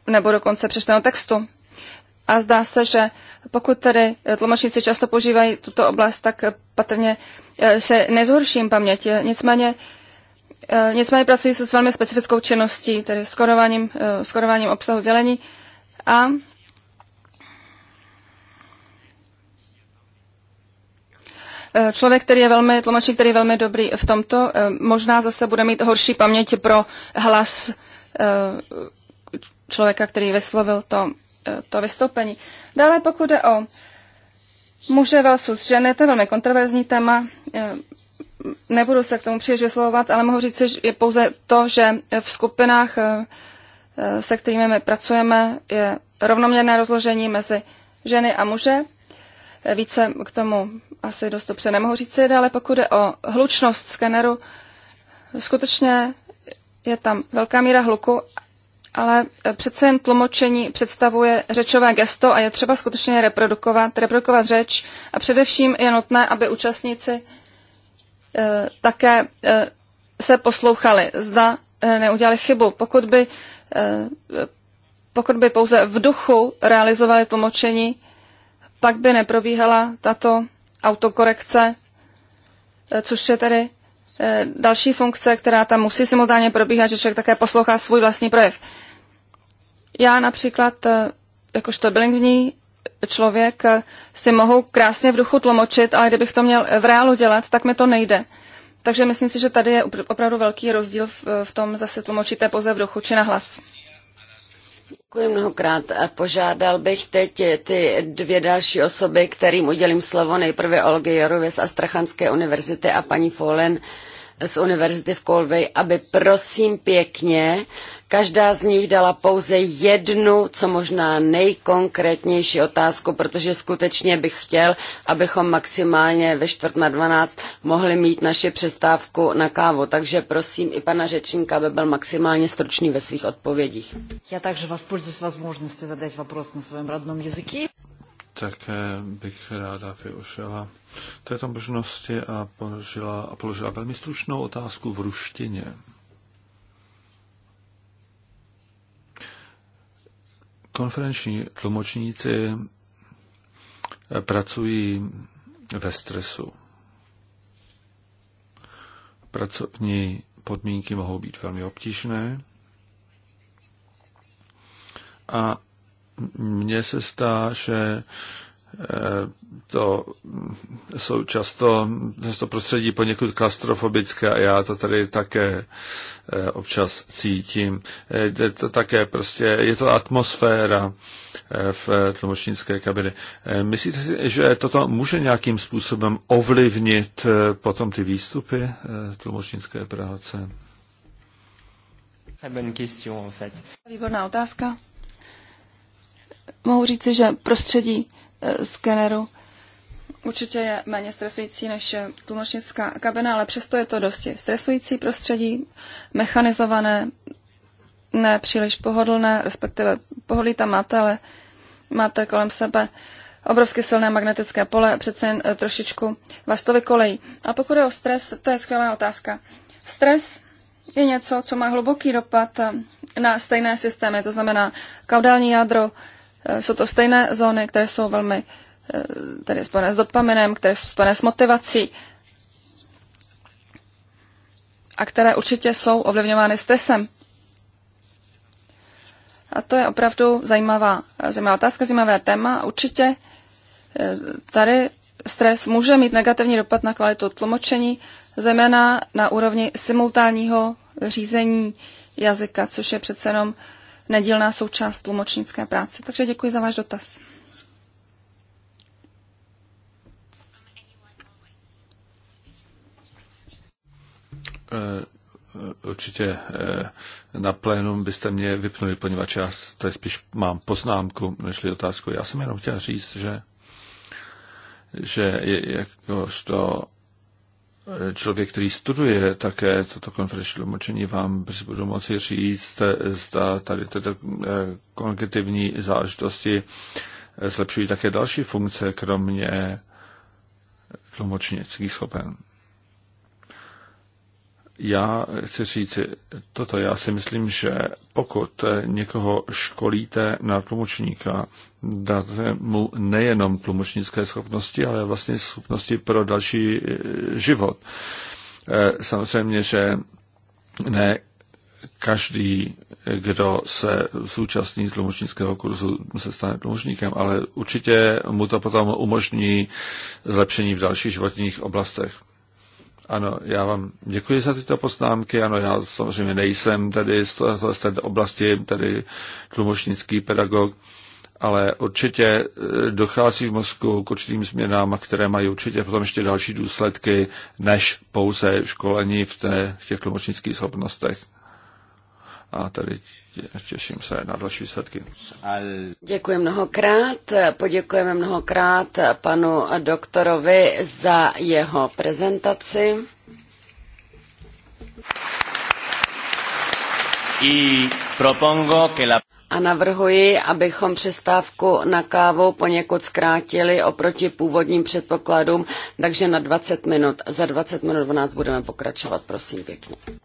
nebo dokonce přečteného textu. A zdá se, že pokud tedy tlumočníci často používají tuto oblast, tak patrně se nezhorším paměť. Nicméně, nicméně pracují se s velmi specifickou činností, tedy skorováním, skorováním obsahu zelení a Člověk, který je velmi, tlumočí, který je velmi dobrý v tomto, eh, možná zase bude mít horší paměť pro hlas eh, člověka, který vyslovil to, eh, to vystoupení. Dále pokud jde o muže versus ženy, to je velmi kontroverzní téma, nebudu se k tomu příliš vyslovovat, ale mohu říct, že je pouze to, že v skupinách Eh, se kterými my pracujeme, je rovnoměrné rozložení mezi ženy a muže. Eh, více k tomu asi dost dobře nemohu říci, ale pokud je o hlučnost skeneru, skutečně je tam velká míra hluku, ale eh, přece jen tlumočení představuje řečové gesto a je třeba skutečně reprodukovat, reprodukovat řeč a především je nutné, aby účastníci také se poslouchali, zda neudělali chybu. Pokud by pokud by pouze v duchu realizovali tlumočení, pak by neprobíhala tato autokorekce, eh, což je tedy eh, další funkce, která tam musí simultánně probíhat, že člověk také poslouchá svůj vlastní projev. Já například, eh, jakožto bilingvní člověk, si mohu krásně v duchu tlumočit, ale kdybych to měl v reálu dělat, tak mi to nejde. Takže myslím si, že tady je opravdu velký rozdíl v, v tom, zase tlumočíte pouze v duchu či na hlas. Děkuji mnohokrát. Požádal bych teď ty dvě další osoby, kterým udělím slovo, nejprve Olgy Jorově z Astrachanské univerzity a paní Folen z univerzity v Colvey, aby prosím pěkně každá z nich dala pouze jednu, co možná nejkonkrétnější otázku, protože skutečně bych chtěl, abychom maximálně ve čtvrt na dvanáct mohli mít naši přestávku na kávu. Takže prosím i pana řečníka, aby byl maximálně stručný ve svých odpovědích. Já takže vás pользуюсь возможностью задать вопрос na svém родном jazyky. Tak eh, bych ráda využila této možnosti a položila, a položila velmi stručnou otázku v ruštině. Konferenční tlumočníci eh, pracují ve stresu. Pracovní podmínky mohou být velmi obtížné a mně se zdá, že Eh, to jsou často, to prostředí poněkud klastrofobické a já to tady také eh, občas cítím. Eh, je to také prostě, je to atmosféra v tlumočnické kabiny. Myslíte si, že toto může nějakým způsobem ovlivnit potom ty výstupy tlumočnické práce? Výborná otázka. Mohu říci, že prostředí Eh, skeneru určitě je méně stresující než eh, tlumočnická kabina, ale přesto je to dosti stresující prostředí, mechanizované, ne příliš pohodlné, respektive pohodlí tam máte, ale máte kolem sebe obrovské silné magnetické pole, přece jen eh, trošičku vás to vykolejí. A pokud je o stres, to je skvělá otázka. Stres je něco, co má hluboký dopad na stejné systémy, to znamená kaudální jádro, Eh, jsou to stejné zóny, které jsou velmi eh, tedy spojené s dopaminem, které jsou spojené s motivací a které určitě jsou ovlivňovány stresem. A to je opravdu zajímavá, eh, zajímavá otázka, zajímavé téma. Určitě tady stres může mít negativní dopad na kvalitu tlumočení, zejména na úrovni simultánního řízení jazyka, což je přece jenom nedílná součást tlumočnické práce. Takže děkuji za váš dotaz. Eh, určitě eh, na plénum byste mě vypnuli, poněvadž já tady spíš mám poznámku, nežli otázku. Já jsem jenom chtěl říct, že že jakožto člověk, který studuje také toto konferenční tlumočení, vám budu moci říct, zda tady tyto eh, kognitivní záležitosti eh, zlepšují také další funkce, kromě tlumočnických schopen já chci říct toto. Já si myslím, že pokud někoho školíte na tlumočníka, dáte mu nejenom tlumočnické schopnosti, ale vlastně schopnosti pro další eh, život. Eh, samozřejmě, že ne každý, kdo se zúčastní tlumočnického kurzu, se stane tlumočníkem, ale určitě mu to potom umožní zlepšení v dalších životních oblastech. Ano, já vám děkuji za tyto poznámky. Ano, já samozřejmě nejsem tedy z, té oblasti, tedy tlumočnický pedagog, ale určitě e, dochází v mozku k určitým změnám, které mají určitě potom ještě další důsledky, než pouze školení v, té, v těch tlumočnických schopnostech. A tady těším se na další výsledky. Děkuji mnohokrát, poděkujeme mnohokrát panu doktorovi za jeho prezentaci. a navrhuji, abychom přestávku na kávu poněkud zkrátili oproti původním předpokladům, takže na 20 minut. Za 20 minut v nás budeme pokračovat, prosím pěkně.